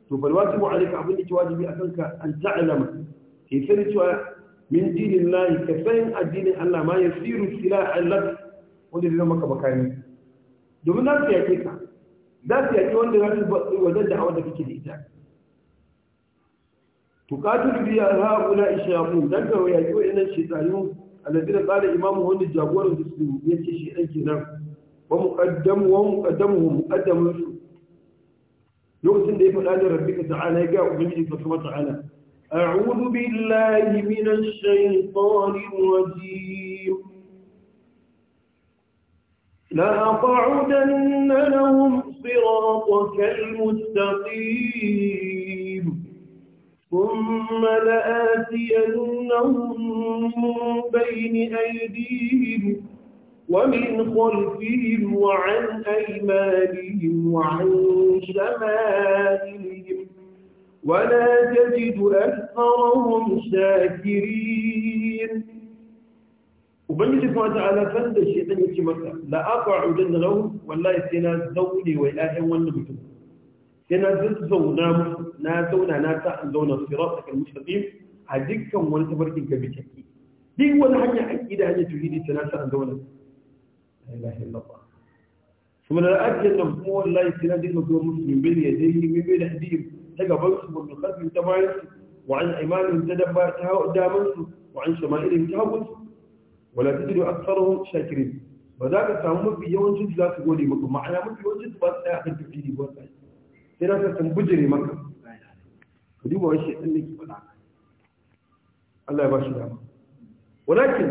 to bal wajibu alayka abin da ke wajibi a kanka an ta'lama ke sani cewa min dinin lahi ka san addinin Allah ma yasiru sila Allah wanda zai maka bakani domin za su yake ka za su yake wanda za su wajen da awar da kake da ita tukatul biya haula ishaqun daga yake wa'annan shaytanu alladina qala imamu wanda jagoran su yace shi dan kenan ومقدم ومقدمه مقدم ويسر يقسم ده يقول آل ربك تعالى يقع وبنجي فتوى تعالى أعوذ بالله من الشيطان الرجيم لأقعدن لهم صراطك المستقيم ثم لآتينهم بين أيديهم ومن خلفهم وعن أيمانهم وعن شمائلهم ولا تجد أكثرهم شاكرين وبنجد سبحانه وتعالى فند الشيطان يتي مكة لا جن لهم والله سينا زوني وإله ونبتم سينا زونا نا زونا نا زونا صراطك المستقيم هذيك كم ونتبرك كبتكي دي ولا حاجة أكيد هذه تريد سنة زونا ilaha illallah kuma da ajiyar da kuma wallahi sai na dinga zuwa musu min bai ya dai min bai da hadiyim ta gaban su mun kafin ta bayan su wa an imanin ta dabba ta daman su wa an shama'ilin ta hagun su wala tajidu aktharuhum shakirin ba za ka samu mafi yawancin su za su gode maka ma'ana mafi yawancin su ba su tsaya akan tafsiri ba sai sai na ka san bujire maka ka duba wani shaitan da ke faɗa Allah ya ba shi dama walakin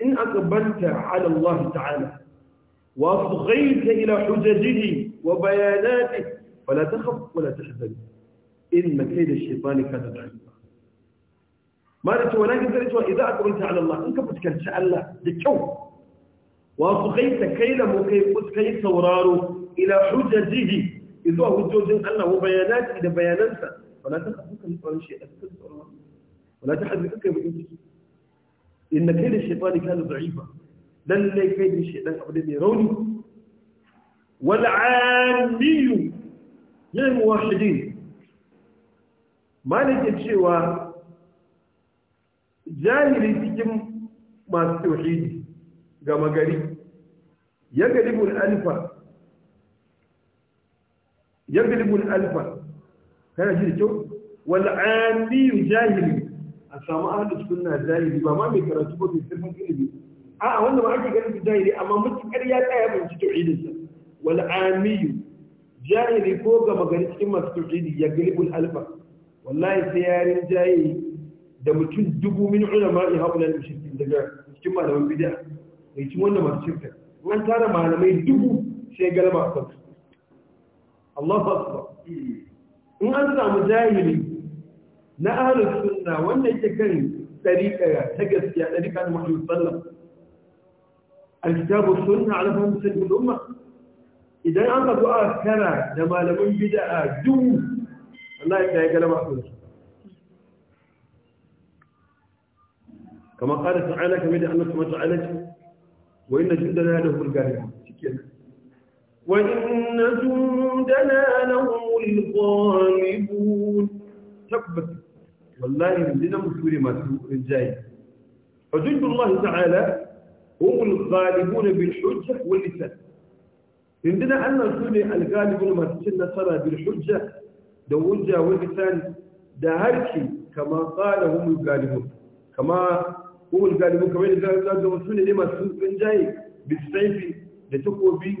in aqbalta ala Allah ta'ala وأفغيت إلى حججه وبياناته فلا تخف ولا تحزن إن كيد الشيطان كان ضعيفا ما رأيت ولكن رأيت إذا أقبلت على الله إنك بتكلت على الله دكو وأفغيت كيد مكيفت كي سوراره إلى حججه إذا جوز الله وبيانات إذا بياناته فلا تخف ولا شيء ولا تحزن إنك بإنك إن كيد الشيطان كان ضعيفا lallai kai ne ɗan abu da mai rauni wal amiyu lil muwahhidin malike cewa jahili cikin masu tauhidi ga magari ya galibul alfa ya galibul alfa kana ji da kyau wal amiyu jahili a samu ahlus sunna jahili ba ma mai karatu ba mai sirfin ilimi a'a wanda ba ake ganin su jahili amma mutukar ya tsaya binci tauhidinsa wal amiyu jahili ko gama gari cikin masu tauhidi ya galibul alfa wallahi sai yarin jayi da mutum dubu min ulama ya haɓula da mushrikin daga cikin malaman bid'a mai cikin wanda masu shirka an tara malamai dubu sai galaba a kansu Allah akbar in an samu jahili na ahlus sunna wanda yake kan dariƙa ta gaskiya dariƙa na Muhammad sallallahu الكتاب والسنة على فهم مسلم الأمة إذا أنت دعاء كان لما لم يبدا جو الله يكاي يقال ما كما قال تعالى كما يدعى أنك ما تعالج وإن جندنا لهم الغالبون وإن جندنا لهم الغالبون تكبت والله لنا مسؤول ما تقول الجاي فجند الله تعالى هم الغالبون بالحجة واللسان عندنا أن نكون الغالبون ما تشن صرى بالحجة دوجة واللسان ده كما قال هم الغالبون كما هم الغالبون كما يقول وسون لما سوء جاي بالسيف لتقوى به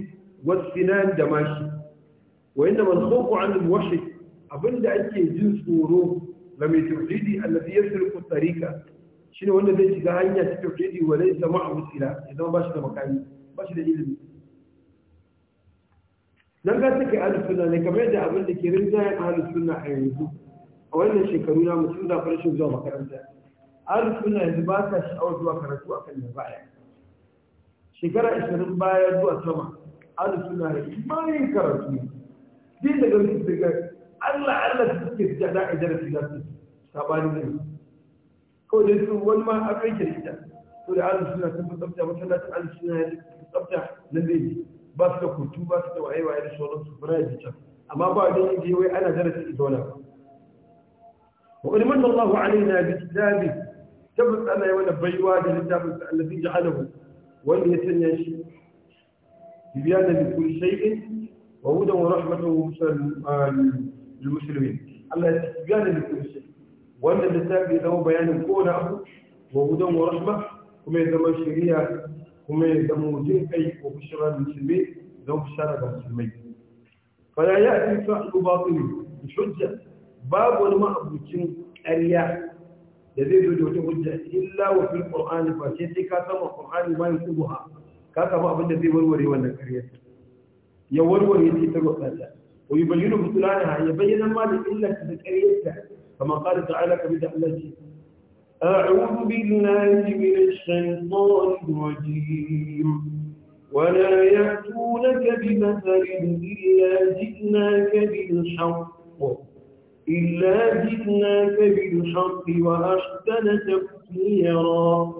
والسنان دماشي وإنما الخوف عن الوحي أبدا أنت جنس ورو لم يتوحيدي الذي يسلك الطريقة shi ne wanda zai shiga hanya ta tauhidi wa zai zama a musila ya zama ba shi da makami ba shi da ilimi nan ga take ahlus sunna ne kamar yadda abin da ke rinjayen ahlus sunna a yanzu a wannan shekaru na musu da farashin zuwa makaranta ahlus sunna yanzu ba ta sha'awar zuwa karatu akan da baya shekara 20 baya zuwa sama ahlus sunna ne mai karatu din daga daga Allah Allah suke da da'a darasi da su sabani ne kawai dai su wani ma an aike ita to da alu suna sun fi tsafta masallacin alu suna ya tsafta na zai ba su da kutu ba su da waye waye da sauran su fara da can amma ba da yin wai ana darasi ita wala Wani qad manna Allahu na bi kitabi tabbas Allah yi wani baiwa da littafin sa allazi ja'alahu wanda ya sanya shi biya da kulli shay'in wa hudan wa rahmatuhu ah, lil musulmi Allah ya biyan da kulli wannan littafi ya zama bayanin kowane abu wa hudan wa rahma kuma ya zama shari'a kuma ya zama jin kai ko kushira musulmi don kushara ga musulmai fala ya fi sahibu batili bi hujja babu wani ma'abucin ƙarya da zai zo da wata hujja illa wa fil qur'ani fa sai sai ka samu qur'ani ma yusubuha ka samu abin da zai warware wannan ƙarya ya warware ta ta gwatsata wa yubayyinu butulanaha ya bayyana ma da illar da ƙaryarta كما قال تعالى في دعوته أعوذ بالله من الشيطان الرجيم ولا يأتونك بمثل إلا جئناك بالحق إلا جئناك بالحق وأحسن تفسيرا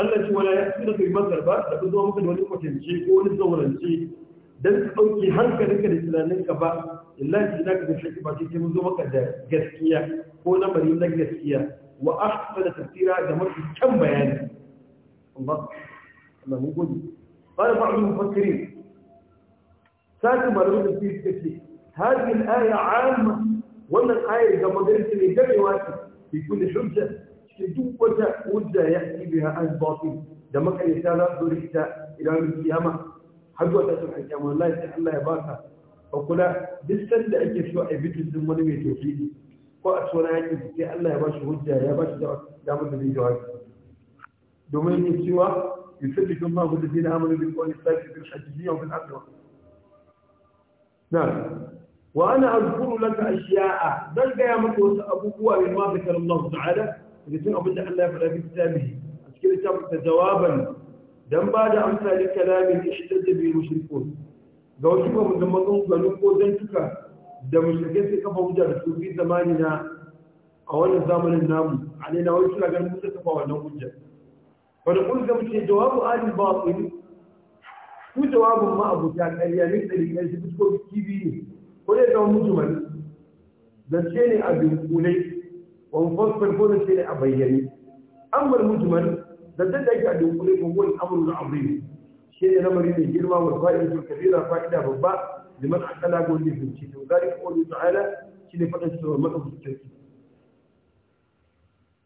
التي ولا يأتونك بمثل بس لابد مثل ولكم تنشيك ونزورا شيء don ka ɗauke hankalinka da tunaninka ba illahi ina ka bishe ba sai mun zo maka da gaskiya ko lamari na gaskiya wa ahsana tafsira da mafi kyan bayani Allah Allah mu gode qala ba'd al-mufakkirin sai malamin tafsir kace hadhihi al-aya 'amma wannan ayar ga magarci ne gamewa ce fi kulli hujja cikin duk wata hujja ya ci biha al-batil da makarita za su zo da ita idan kiyama har zuwa tashin alƙiyama wallahi sai Allah ya baka ka kula duk sanda ake so a bitin din wani mai tauhidi ko a tsona yakin sai Allah ya bashi hujja ya bashi damar da zai jawabi domin yin cewa يثبت الله الذين امنوا بالقول الثابت في الحجيه وفي الاخره نعم وانا اذكر لك اشياء بل يا مكوس ابوك مما ذكر الله تعالى اذا ابدا الله فلا في كتابه كتاب جوابا dan ba da amsa da kalamin ishtar da bai mushriku ga wasu ba mu zama gangalu ko tuka da mushrike sai kafa wujar da su bi zamani na a wannan zamanin namu na wani suna ganin musa kafa wannan hujja wani kun ga muke jawabu alin batil ku jawabu ma abuta ƙarya ne da rikin shi fuskoki kibi ne ko dai zama mujmal zance ne a dunkulai wani fasfar ko zance ne a bayyane an bar mujmal da da yake a dunkule ko wani amru da azim shi ne lamari mai girma wa fa'idatu kabira fa'ida babba da man akala go ne ci to zai ko Allah ta'ala shi ne fadin sa maka fice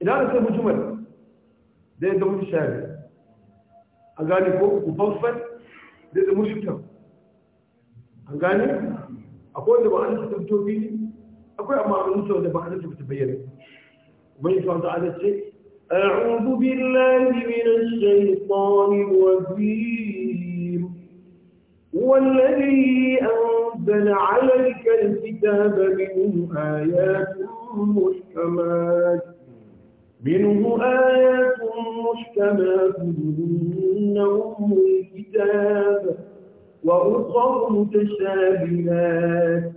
idan sai mutumin da ya zama shari a gane ko ku mufaffan da da shukar an gani akwai wanda ba a nasa tabbato akwai amma a nasa wanda ba a nasa ta bayyana ubangiji ta wata ala ce أعوذ بالله من الشيطان الرجيم والذي أنزل عليك الكتاب منه آيات محكمات منه آيات محكمات منهم الكتاب وأخر متشابهات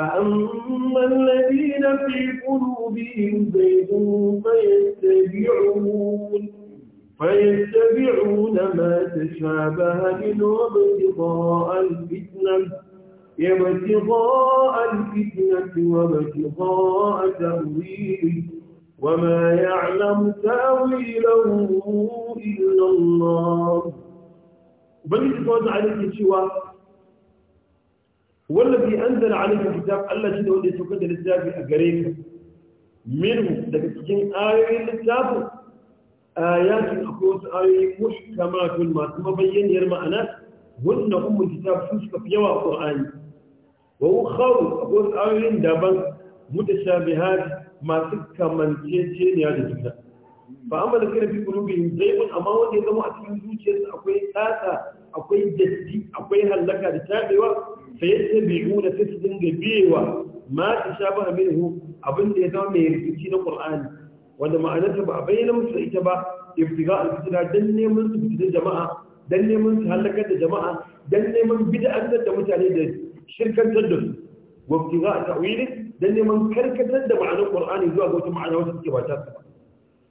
فأما الذين في قلوبهم زيدون فيتبعون فيتبعون ما تشابه منه ابتغاء الفتنة ابتغاء الفتنة وابتغاء تأويله وما يعلم تأويله إلا الله بل تقول عليك شواء wallafi an zana alaikar kitab Allah shi da wanda ya saukar da littafi a gare ka minhu daga cikin ayoyin littafin ayatin akwai wasu ayoyi muhkamatun masu mabayyaniyar ma'ana hunna ummul kitab suka fi yawa a qur'ani wa ukharu akwai wasu ayoyin daban mutashabihat masu kamanceceniya da juna fa amma da kana fi qulubihim zaygun amma wanda ya zama a cikin zuciyarsa akwai tsatsa akwai datti akwai hallaka da tabewa فيتبعون تسدن جبيوة ما تشابه منه أبن يزام يرتكين القرآن wanda ma'anarsa ba a bayyana musu ita ba ibtiga al-fitna dan neman su fitar jama'a dan neman su halakar da jama'a dan neman bid'antar da mutane da shirkantar da su wa ibtiga ta'wili dan neman karkatar da ma'anar qur'ani zuwa ga wata ma'ana wacce take ba ta ba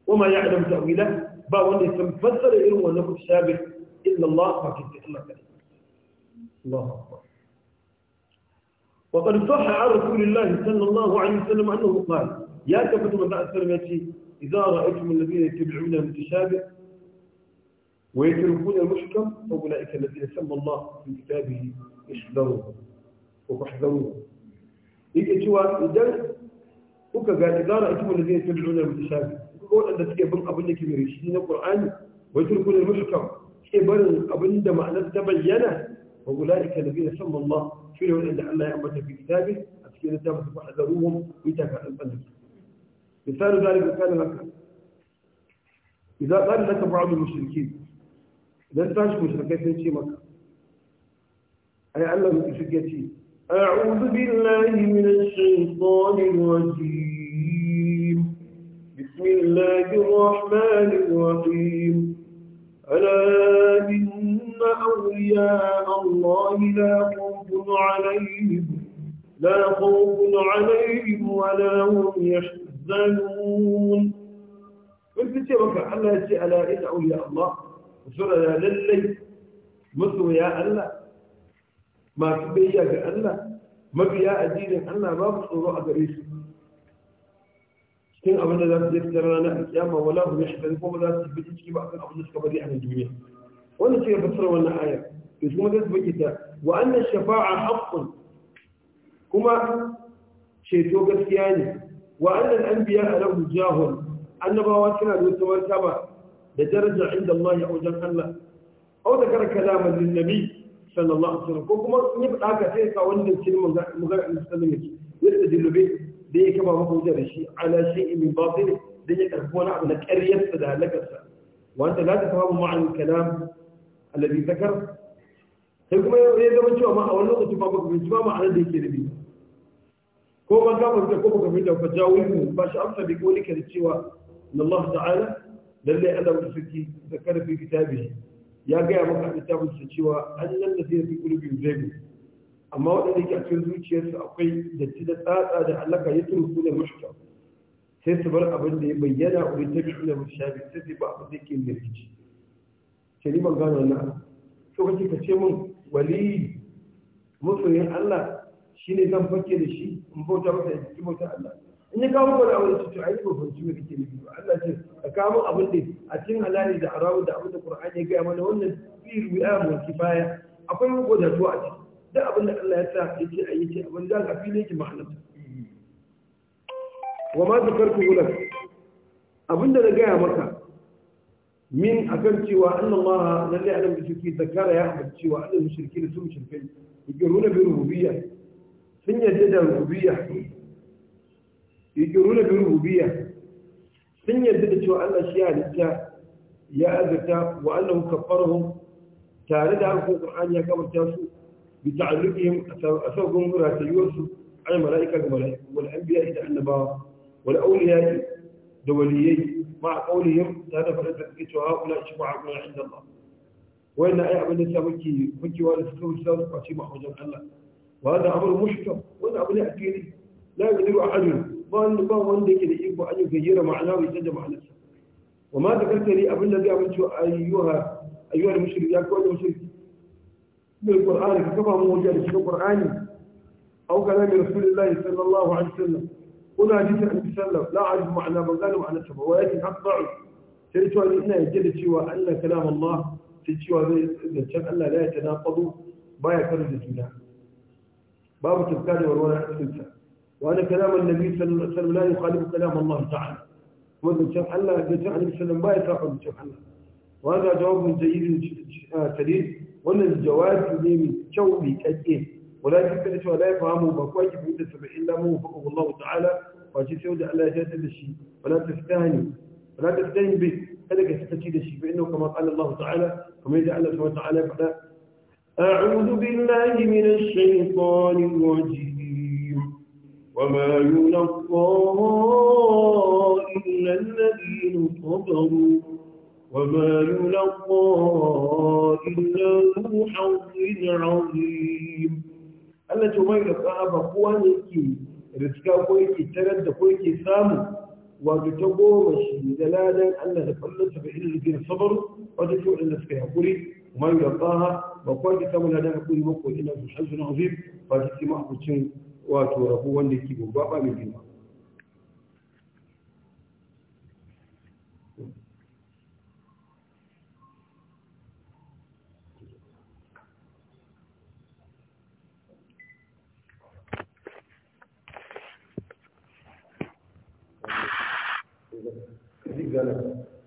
kuma ya adam ta'wila ba wanda ya san fassara irin wannan mutashabih illa Allah fa kitta Allah Allah akbar وقد صح على رسول الله صلى الله عليه وسلم أنه قال يا كفر من بعد سلمتي إذا رأيتم الذين يتبعون المتشابه ويتركون المحكم فأولئك الذين سمى الله في كتابه احذروا واحذروا يجي إذا الدرس إذا قال إذا رأيتم الذين يتبعون المتشابه يقول أن تكي بن أبن كبير يشتين القرآن ويتركون المحكم كي إيه، أبن دمع لن تبينه فأولئك الذين سمى الله شنو عند الله يعبد في كتابه أتكين التابة فحذروهم ويتابع البلد مثال ذلك مثال لك إذا قال لك بعض المشركين إذا انتهش مشركين في مكة أي علم مشركين أعوذ بالله من الشيطان الرجيم بسم الله الرحمن الرحيم ألا إن أولياء الله لا خوف عليهم لا خوف عليهم ولا هم يحزنون قلت يا بكى على شيء لا ادعوا يا الله وسر يا للي مثل يا الله ما تبيا يا الله ما بيا اجيل ان ما بصر احد أدريس كان ابن لا تذكر ان قيام ولا هم يحزنون ولا تثبت شيء بعد ابن الصبري عن الدنيا وانا شيء بصر ولا ايه بس ما تثبت كده wa annan shafa'a haƙƙun kuma ceto gaskiya ne Wa'annan an biya a rahu jahon annabawa suna da wata martaba da daraja inda Allah ya wajen Allah au da kar kalaman linnabi sallallahu alaihi wasallam ko kuma in yi faɗa ka sai ka wannan cikin magana Allah sallallahu alaihi wasallam yadda dilube da yake ba maka hujja da shi ala shay'in min batil da ya karbi wani abu na ƙaryarsa da halakarsa wanda za ta fahimu ma'an kalam alladhi zakar sai kuma ya zama cewa ma a wani lokaci ba baka fahimci ba ma'anar da yake nufi ko ban ka fahimta ko baka fahimta ba jawo mu ba shi amsa bai kawai ka cewa na Allah ta'ala lallai Allah wata sarki da karfi kitabi ya gaya maka a littafin sa cewa an nan da zai fi kulubin zaibu amma waɗanda yake a cikin zuciyarsa akwai datti da tsatsa da alaka ya turku da mushka sai su bar abin da ya bayyana a wurin tabi'u da mushabi sai su ba abin da yake mai rikici. Shari'a ban gano wannan. Sai kake ka ce min Wali mutumin Allah shi ne zan fake da shi in bauta masa in ci bauta Allah in ya kawo mana wani cutu a yi ba fanci mai kake nufi ba Allah ce a kawo abin da a cikin halali da haramun da abin da Qur'ani ya gaya mana wannan firu ya mulki baya akwai wadatu a ciki duk abin da Allah ya sa ya ce a yi ce abin da a fili yake ma'ana wa ma zakartu ulak abin da na gaya maka من أكنتي وأن الله لن يعلم بشركين ذكر يا أحمد تي وأن المشركين ثم مشركين يجرون بالربوبية ثم يجد الربوبية يجرون بالربوبية ثم يجد تي وأن الأشياء لتا يا أذتا وأنه كفرهم تارد عن القرآن يا كبر تاسو بتعلقهم أثرهم أثر ورسل على الملائكة والأنبياء إذا أنبا والأولياء دوليين مع قولهم هذا فلسفة كيتو هؤلاء شبعة من عند الله وإن أي أبن نساء وكي وكي والسكو السادس قاسي محوجا الله وهذا أمر مشكل وهذا أمر يأتيني لا يقدر أحد ما ما وندك لإيكو أن يغير معناه ويتجمع مع نفسه وما ذكرت لي أبن الذي أمنت أيها أيها المشرك يا كل مشرك من القرآن كما موجود في القرآن أو كلام رسول الله صلى الله عليه وسلم kuna hadisin annabi sallallahu la ajmu ma'ana ban gane ma'anar ta ba wa yake haqqa'u sai cewa ina yadda da cewa Allah kalam Allah sai cewa zai da can Allah la ya tanaqadu baya karo da juna babu tafka da warwara a cikin sa wa ana kalam annabi sallallahu alaihi wasallam la yuqalibu kalam Allah ta'ala kuma da can Allah zancen annabi sallallahu baya saba zancen Allah wa ga jawabin jayyidin sadid wannan jawabi ne mai kyau mai kakke ولكن كان شو لا يفهمه بقوي بوده إلا لا مو فقه الله تعالى فاجي سيودي على جاد الشيء ولا تفتاني ولا تفتاني به هذا كتستجيد الشيء فإنه كما قال الله تعالى كما يدعى الله سبحانه وتعالى فلا أعوذ بالله من الشيطان الرجيم وما يلقى إلا الذين صبروا وما يلقى إلا ذو حظ عظيم Allah ce mai rasa ba kowa ne yake riska ko yake tarar da ko yake samu wato ta goma shi da ladan Allah da kallon sa ga irin rikin sabar wata ce waɗanda suka yi haƙuri mai rasa ba kowa ke samu ladan haƙuri ba ko ina su hanzu na ba ta ce ma'abucin wato rabu wanda ke gobe ba mai girma sí gánà